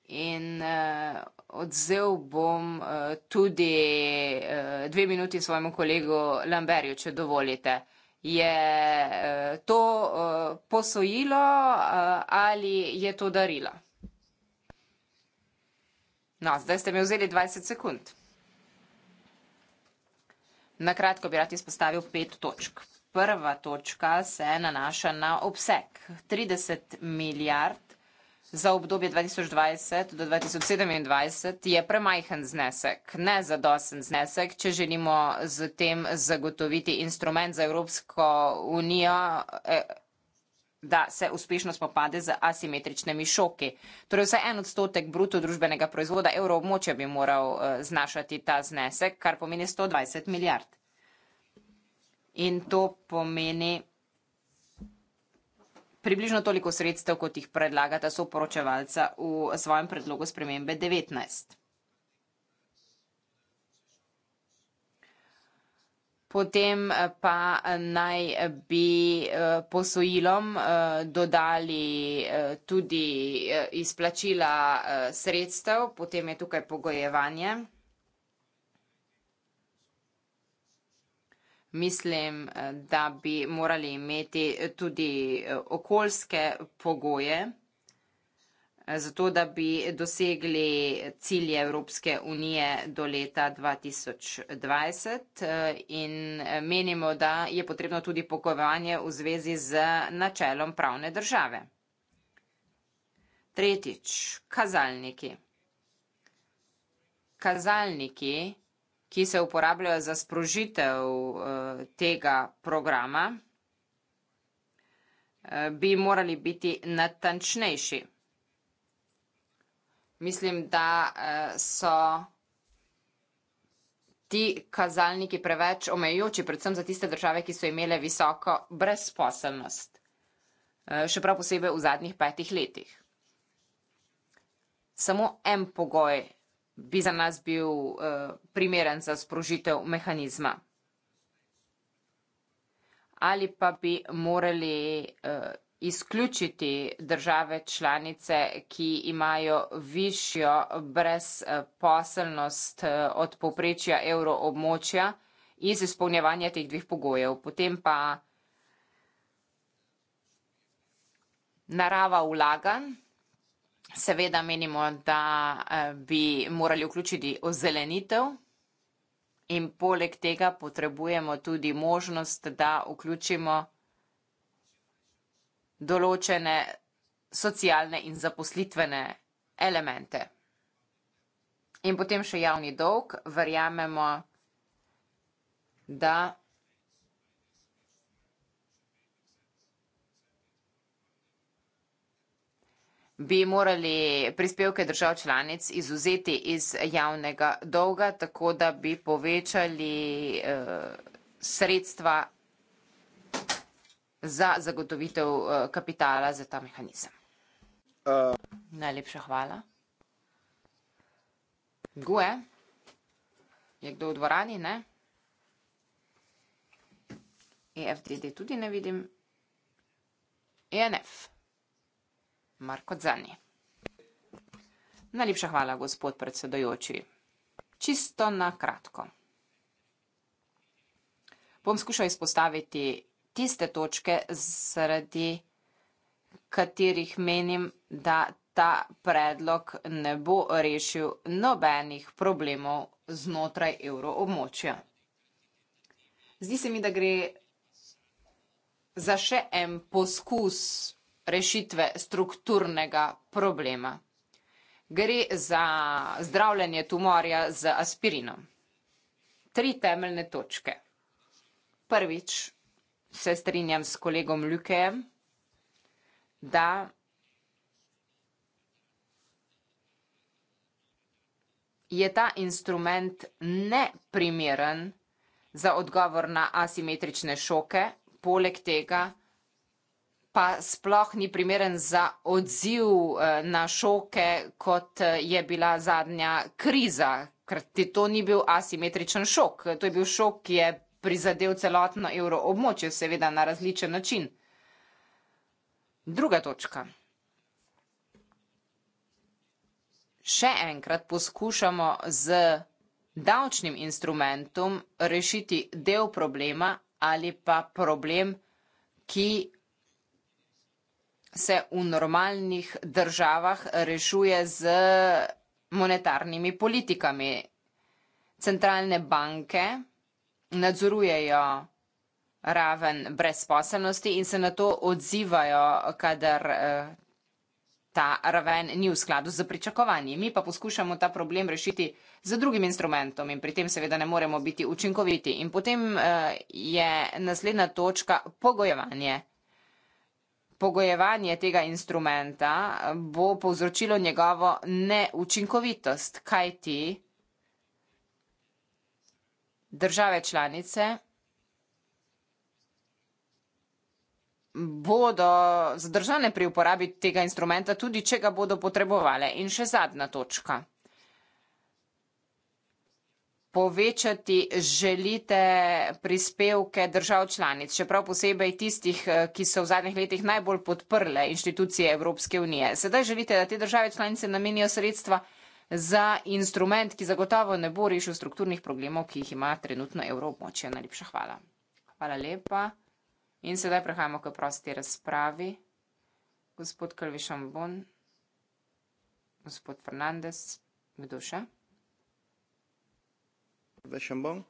in uh, odzel bom uh, tudi uh, dve minuti svojemu kolegu Lamberju, če dovolite. Je uh, to uh, posojilo uh, ali je to darilo? No, zdaj ste mi vzeli 20 sekund. Na kratko bi rad izpostavil pet točk. Prva točka se nanaša na obseg. 30 milijard za obdobje dvajset dvajset do dvajset sedemindvajset je premajhen znesek nezadosten znesek če želimo s tem zagotoviti instrument za evropsko unijo e, da se uspešno spopade z asimetričnimi šoki. Torej vsaj en odstotek bruto družbenega proizvoda evroobmočja bi moral e, znašati ta znesek, kar pomeni 120 milijard. In to pomeni približno toliko sredstev, kot jih predlagata soporočevalca v svojem predlogu spremembe 19. Potem eh, pa eh, naj eh, bi posojilom dodali tudi izplačila sredstev, potem je tukaj pogojevanje. mislim, eh, da bi morali imeti eh, tudi eh, okoljske pogoje, zato da bi dosegli cilje Evropske unije do leta 2020 in menimo, da je potrebno tudi pokojevanje v zvezi z načelom pravne države. Tretjič, kazalniki. Kazalniki ki se uporabljajo za sprožitev eh, tega programa, eh, bi morali biti natančnejši. Mislim, da eh, so ti kazalniki preveč omejujoči, predvsem za tiste države, ki so imele visoko brezposelnost, še prav posebej v zadnjih petih letih. Samo en pogoj bi za nas bil uh, primeren za sprožitev mehanizma. Ali pa bi morali uh, izključiti države članice, ki imajo višjo brezposelnost uh, od poprečja evroobmočja iz izpolnjevanja teh dveh pogojev. Potem pa narava vlaganj Seveda menimo, da eh, bi morali vključiti ozelenitev in poleg tega potrebujemo tudi možnost, da vključimo določene socialne in zaposlitvene elemente. In potem še javni dolg, verjamemo, da bi morali prispevke držav članic izuzeti iz javnega dolga, tako da bi povečali uh, sredstva za zagotovitev uh, kapitala za ta mehanizem. Uh. Najlepša hvala. Gue, je kdo v dvorani, ne? EFDD tudi ne vidim. ENF. Marko Zani. Najlepša hvala, gospod predsedojoči. Čisto na kratko. Bom skušal izpostaviti tiste točke, zaradi katerih menim, da ta predlog ne bo rešil nobenih problemov znotraj evroobmočja. Zdi se mi, da gre za še en poskus rešitve strukturnega problema. Gre za zdravljanje tumorja z aspirinom. Tri temeljne točke. Prvič, se strinjam s kolegom Ljukejem, da je ta instrument neprimeren za odgovor na asimetrične šoke, poleg tega, pa sploh ni primeren za odziv eh, na šoke, kot eh, je bila zadnja kriza. Ker ti to ni bil asimetričen šok, to je bil šok, ki je prizadel celotno evro območje, seveda na različen način. Druga točka. Še enkrat poskušamo z davčnim instrumentom rešiti del problema ali pa problem, ki se v normalnih državah rešuje z monetarnimi politikami. Centralne banke nadzorujejo raven brezposelnosti in se na to odzivajo, kadar eh, ta raven ni v skladu z pričakovanji. Mi pa poskušamo ta problem rešiti z drugim instrumentom in pri tem seveda ne moremo biti učinkoviti. In potem eh, je naslednja točka pogojevanje pogojevanje tega instrumenta bo povzročilo njegovo neučinkovitost, kaj ti države članice bodo zadržane pri uporabi tega instrumenta, tudi če ga bodo potrebovali. In še zadnja točka povečati želite prispevke držav članic, čeprav posebej tistih, eh, ki so v zadnjih letih najbolj podprle inštitucije Evropske unije. Sedaj želite, da te države članice namenijo sredstva za instrument, ki zagotovo ne bo rešil strukturnih problemov, ki jih ima trenutno Evropmočje. Najlepša hvala. Hvala lepa. In sedaj prehajamo k prosti razpravi. Gospod Kalvišan Bon, gospod Fernandez, kdo še? Calvez-Chambon.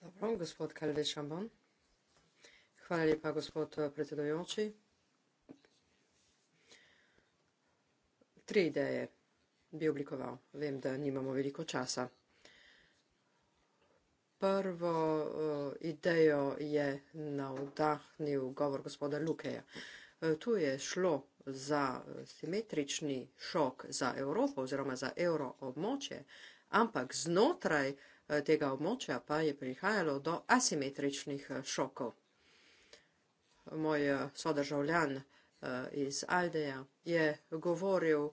Dobro, gospod Calvez-Chambon. Hvala lepa, gospod eh, predsedujoči. Tri ideje bi oblikoval. Vem, da nimamo veliko časa. Prvo uh, idejo je navdahnil govor gospoda Lukeja. Uh, tu je šlo za eh, simetrični šok za Evropo oziroma za evro območje, ampak znotraj eh, tega območja pa je prihajalo do asimetričnih eh, šokov. Moj sodržavljan iz Aldeja je govoril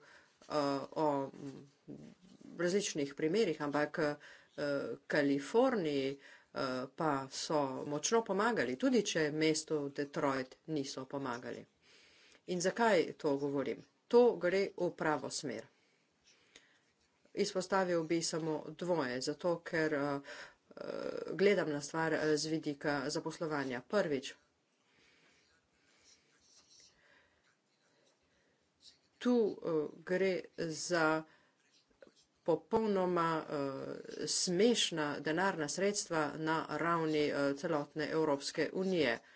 o mm, različnih primerih, ampak Kaliforniji pa so močno pomagali, tudi če mestu Detroit niso pomagali. In zakaj to govorim? To gre v pravo smer. Izpostavil bi samo dvoje, zato ker uh, gledam na stvar eh, z vidika zaposlovanja. Prvič, tu uh, gre za popolnoma uh, smešna denarna sredstva na ravni uh, celotne Evropske unije. Uh,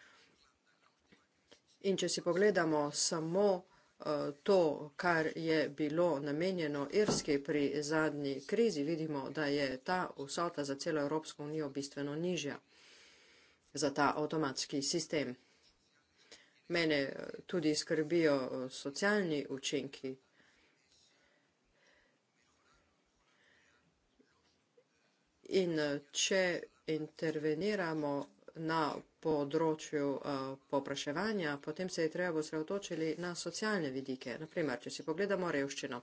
In če si pogledamo samo eh, to, kar je bilo namenjeno Irski pri zadnji krizi, vidimo, da je ta vsota za celo Evropsko unijo bistveno nižja za ta avtomatski sistem. Mene eh, tudi skrbijo eh, socialni učinki. In če interveniramo na področju uh, eh, popraševanja, potem se je treba osredotočiti na socialne vidike. Naprimer, če si pogledamo revščino.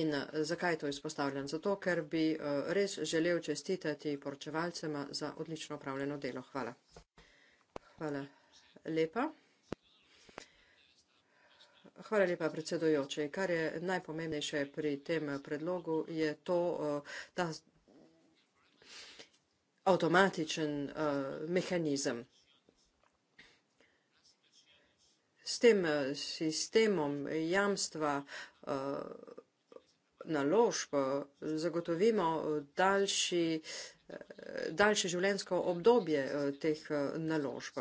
In eh, zakaj to izpostavljam? Zato, ker bi uh, res želel čestitati poročevalcema za odlično upravljeno delo. Hvala. Hvala lepa. Hvala lepa, predsedojoče. Kar je najpomembnejše pri tem predlogu, je to, uh, da avtomatičen uh, mehanizem. S tem eh, sistemom jamstva eh, naložb zagotovimo daljši, daljše življensko obdobje teh naložb.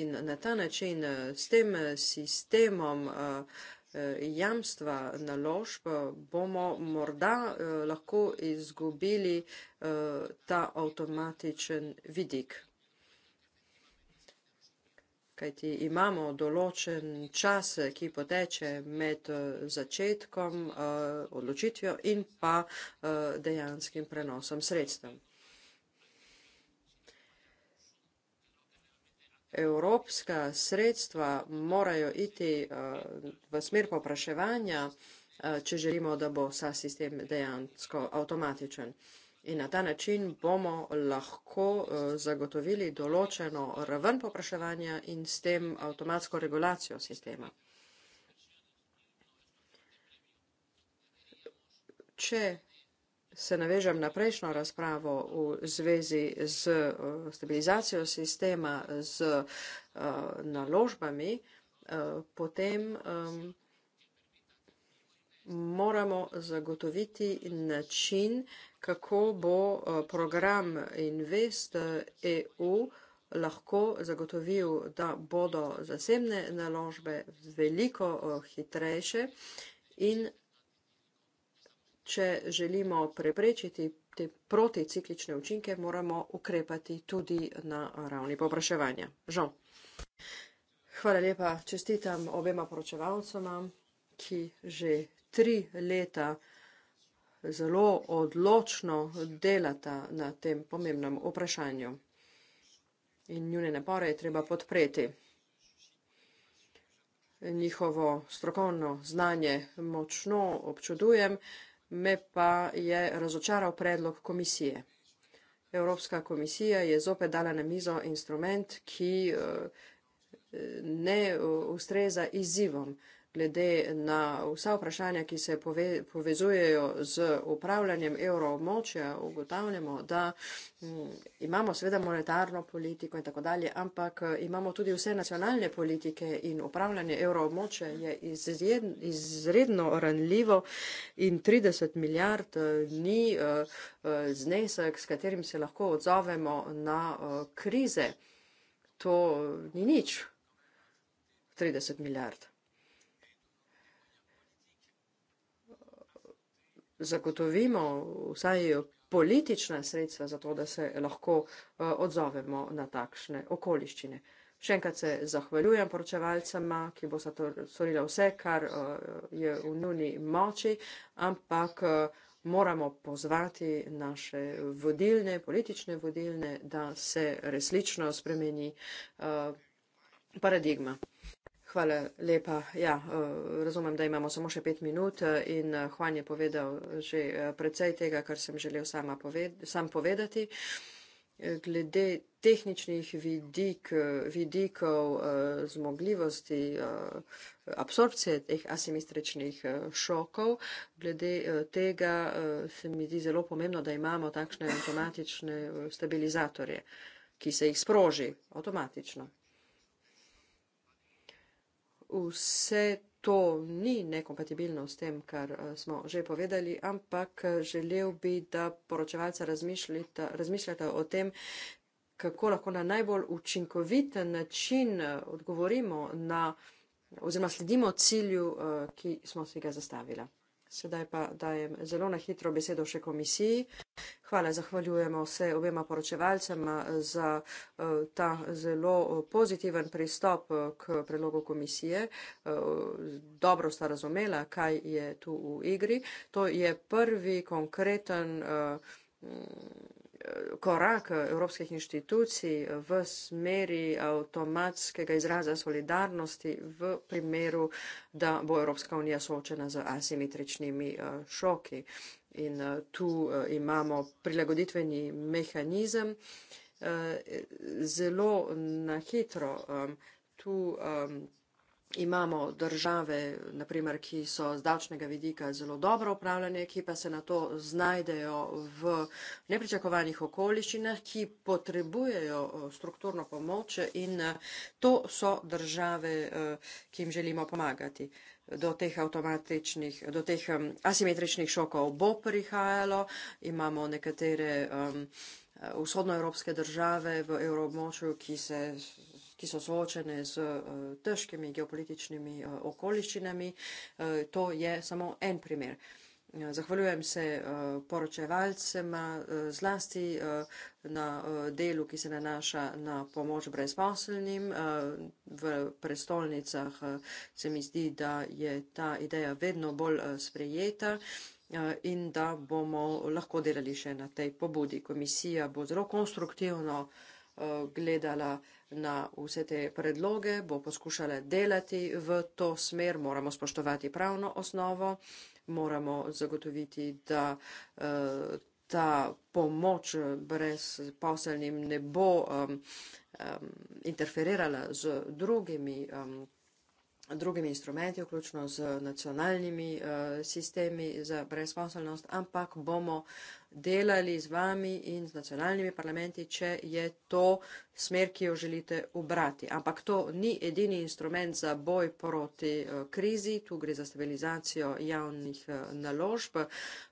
In na ta način s tem sistemom uh, Eh, jamstva naložb, bomo morda eh, lahko izgubili eh, ta avtomatičen vidik. Kajti imamo določen čas, ki poteče med začetkom odločitvijo in pa dejanskim prenosom sredstev. evropska sredstva morajo iti uh, v smer popraševanja, uh, eh, če želimo, da bo vsa sistem dejansko avtomatičen. In na ta način bomo lahko uh, zagotovili določeno raven popraševanja in s tem avtomatsko regulacijo sistema. Če se navežem na prejšnjo razpravo v zvezi z eh, stabilizacijo sistema, z eh, naložbami, eh, potem moramo zagotoviti način, kako bo program Invest EU e lahko zagotovil, da bodo zasebne naložbe veliko hitrejše in če želimo preprečiti te proticiklične učinke, moramo ukrepati tudi na ravni popraševanja. Žal. Hvala lepa, čestitam obema poročevalcema, ki že tri leta zelo odločno delata na tem pomembnem vprašanju. In njune napore je treba podpreti. Njihovo strokovno znanje močno občudujem me pa je razočaral predlog komisije. Evropska komisija je zopet dala na mizo instrument, ki eh, ne eh, ustreza izzivom glede na vsa vprašanja, ki se pove, povezujejo z upravljanjem evroobmočja, ugotavljamo, da mm, imamo seveda monetarno politiko in tako dalje, ampak imamo tudi vse nacionalne politike in upravljanje evroobmočja je izredno, izredno ranljivo in 30 milijard eh, ni eh, eh, znesek, s katerim se lahko odzovemo na krize. To ni nič. 30 milijard. zagotovimo vsaj politična sredstva za to, da se lahko eh, odzovemo na takšne okoliščine. Še enkrat se zahvaljujem poročevalcema, ki bo storila vse, kar eh, je v nuni moči, ampak eh, moramo pozvati naše vodilne, politične vodilne, da se resnično spremeni paradigma. Hvala lepa. Ja, eh, razumem, da imamo samo še pet minut eh, in eh, Juan je povedal že precej tega, kar sem želel sama poved sam povedati. Glede tehničnih vidik, vidikov zmogljivosti absorpcije teh asimistričnih šokov, glede tega se mi zdi zelo pomembno, da imamo takšne avtomatične stabilizatorje, ki se jih sproži avtomatično vse to ni nekompatibilno s tem, kar eh, smo že povedali, ampak eh, želel bi, da poročevalca razmišljata o tem, kako lahko na najbolj učinkoviten način eh, odgovorimo na oziroma sledimo cilju, ki smo si ga zastavili. Sedaj pa dajem zelo na hitro besedo še komisiji. Hvala, zahvaljujemo se obema poročevalcema za eh, ta zelo eh, pozitiven pristop eh, k predlogu komisije. Dobro sta razumela, kaj je tu v igri. To je prvi konkreten korak eh, evropskih inštitucij eh, v smeri avtomatskega izraza solidarnosti v primeru, da bo Evropska unija soočena z asimetričnimi eh, šoki. In tu imamo prilagoditveni mehanizem. Zelo na hitro tu imamo države, naprimer, ki so z davčnega vidika zelo dobro upravljene, ki pa se na to znajdejo v nepričakovanih okoliščinah, ki potrebujejo strukturno pomoč in e, to so države, e, ki jim želimo pomagati. Do teh avtomatičnih, do teh asimetričnih šokov bo prihajalo, imamo nekatere e, vzhodnoevropske države v evromočju, ki se ki so soočene z eh, težkimi geopolitičnimi eh, okoliščinami. Eh, to je samo en primer. Zahvaljujem se poročevalcema, zlasti na delu, ki se nanaša na pomoč brezposelnim. V prestolnicah se mi zdi, da je ta ideja vedno bolj sprejeta in da bomo lahko delali še na tej pobudi. Komisija bo zelo konstruktivno Eh, gledala na vse te predloge, bo poskušala delati v to smer, moramo spoštovati pravno osnovo, moramo zagotoviti, da eh, ta pomoč brez poselnim ne bo interferirala z drugimi, drugimi instrumenti, vključno z nacionalnimi eh, sistemi za brezposelnost, ampak bomo delali z vami in z nacionalnimi parlamenti, če je to smer, ki jo želite obrati. Ampak to ni edini instrument za boj proti eh, krizi, tu gre za stabilizacijo javnih eh, naložb.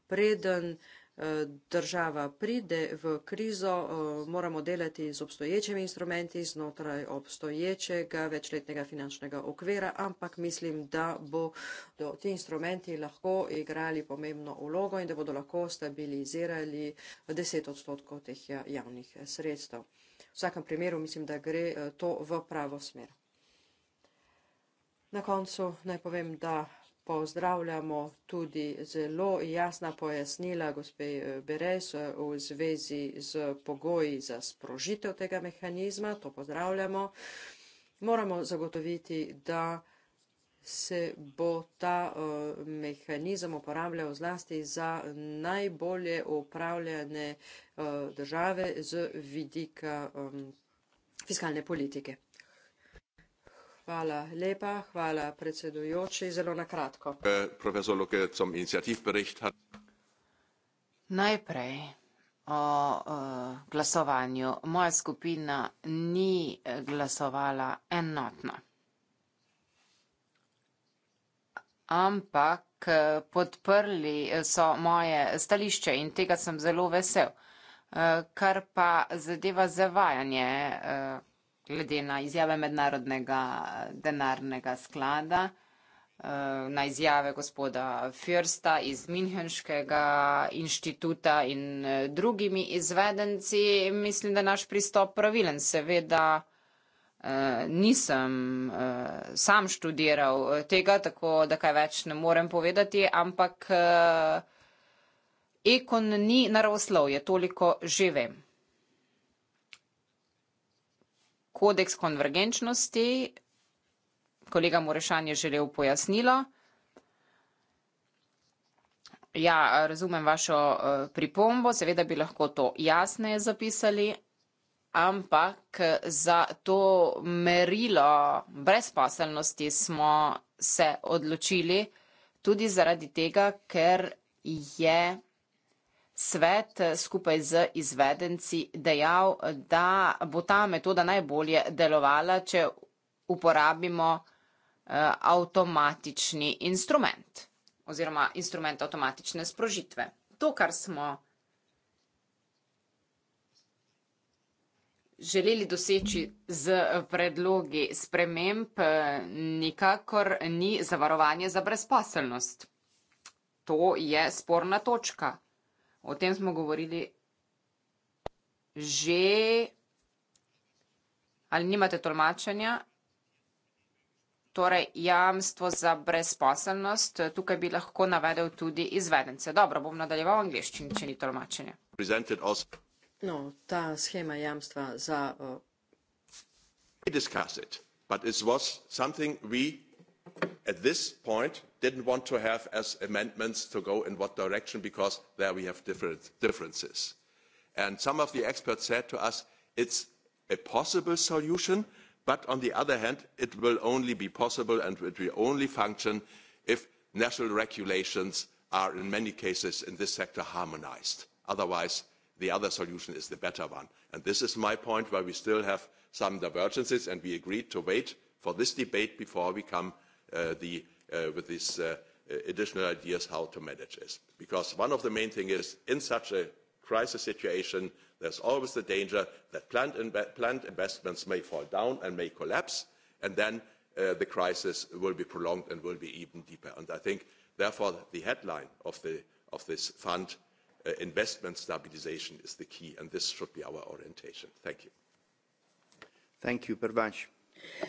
Preden Eh, država pride v krizo, eh, moramo delati z obstoječimi instrumenti, znotraj obstoječega večletnega finančnega okvira, ampak mislim, da bodo ti instrumenti lahko igrali pomembno ulogo in da bodo lahko stabilizirali 10 odstotkov teh ja, javnih sredstev. V vsakem primeru mislim, da gre eh, to v pravo smer. Na koncu naj povem, da pozdravljamo tudi zelo jasna pojasnila gospe eh, Beres eh, v zvezi z pogoji za sprožitev tega mehanizma. To pozdravljamo. Moramo zagotoviti, da se bo ta eh, mehanizem uporabljal zlasti za najbolje upravljane države z vidika fiskalne politike. Hvala lepa, hvala predsedujoči, zelo na kratko. Eh, Najprej o uh, glasovanju. Moja skupina ni eh, glasovala enotno. Ampak podprli so moje stališče in tega sem zelo vesel. Uh, kar pa zadeva zavajanje. Uh, glede na izjave mednarodnega denarnega sklada, eh, na izjave gospoda Fjörsta iz Minhenškega inštituta in eh, drugimi izvedenci, mislim, da naš pristop pravilen. Seveda eh, nisem sam študiral tega, tako da kaj več ne morem povedati, ampak ekon ni naravoslov, je toliko že vem. kodeks konvergenčnosti. Kolega Morešan je želel pojasnilo. Ja, razumem vašo eh, pripombo, seveda bi lahko to jasneje zapisali, ampak za to merilo brezposelnosti smo se odločili tudi zaradi tega, ker je svet eh, skupaj z izvedenci dejal, da bo ta metoda najbolje delovala, če uporabimo eh, avtomatični instrument oziroma instrument avtomatične sprožitve. To, kar smo želeli doseči z predlogi sprememb, eh, nikakor ni zavarovanje za brezposelnost. To je sporna točka. O tem smo govorili že. Ali nimate tolmačenja? Torej, jamstvo za brezposelnost. Tukaj bi lahko navedel tudi izvedence. Dobro, bom nadaljeval v angliščini, če ni tolmačenja. No, ta schema jamstva za. Uh... We discussed it, but it was something we at this point didn't want to have as amendments to go in what direction because there we have different differences. And some of the experts said to us, it's a possible solution, but on the other hand, it will only be possible and it will only function if national regulations are in many cases in this sector harmonized. Otherwise, the other solution is the better one. And this is my point where we still have some divergences and we agreed to wait for this debate before we come uh, the uh, uh, with these uh, additional ideas how to manage this. Because one of the main things is in such a crisis situation, there's always the danger that planned, imbe- planned investments may fall down and may collapse, and then uh, the crisis will be prolonged and will be even deeper. And I think, therefore, the headline of, the, of this fund, uh, investment stabilization, is the key, and this should be our orientation. Thank you. Thank you, Pervanch. Yeah.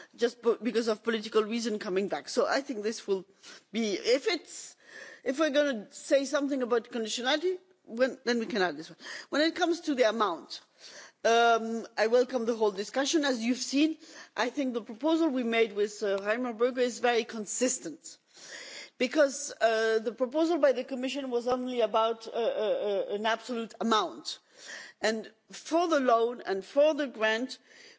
just because of political reasons coming back. so i think this will be if it's if we're going to say something about conditionality then we can add this one. when it comes to the amount um, i welcome the whole discussion. as you've seen i think the proposal we made with uh, reimer bge is very consistent because uh, the proposal by the commission was only about an absolute amount and for the loan and for the grant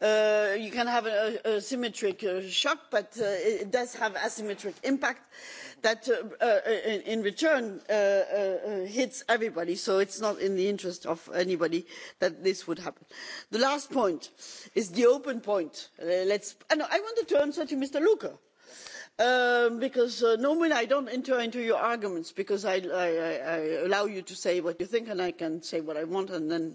Uh, you can have an asymmetric uh, shock but uh, it does have asymmetric impact that in return hits everybody so it's not in the interest of anybody that this would happen. the last point is the open point. No, i wanted to answer to mr louca um, because normally i don't enter into your arguments because i allow you to say what you think and i can say what i want and then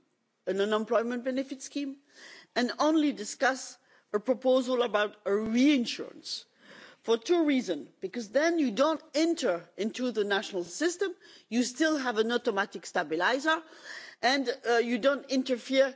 an unemployment benefit scheme and only discuss a proposal about a reinsurance for two reasons because then you don't enter into the national system you still have an automatic stabiliser and uh, you don't interfere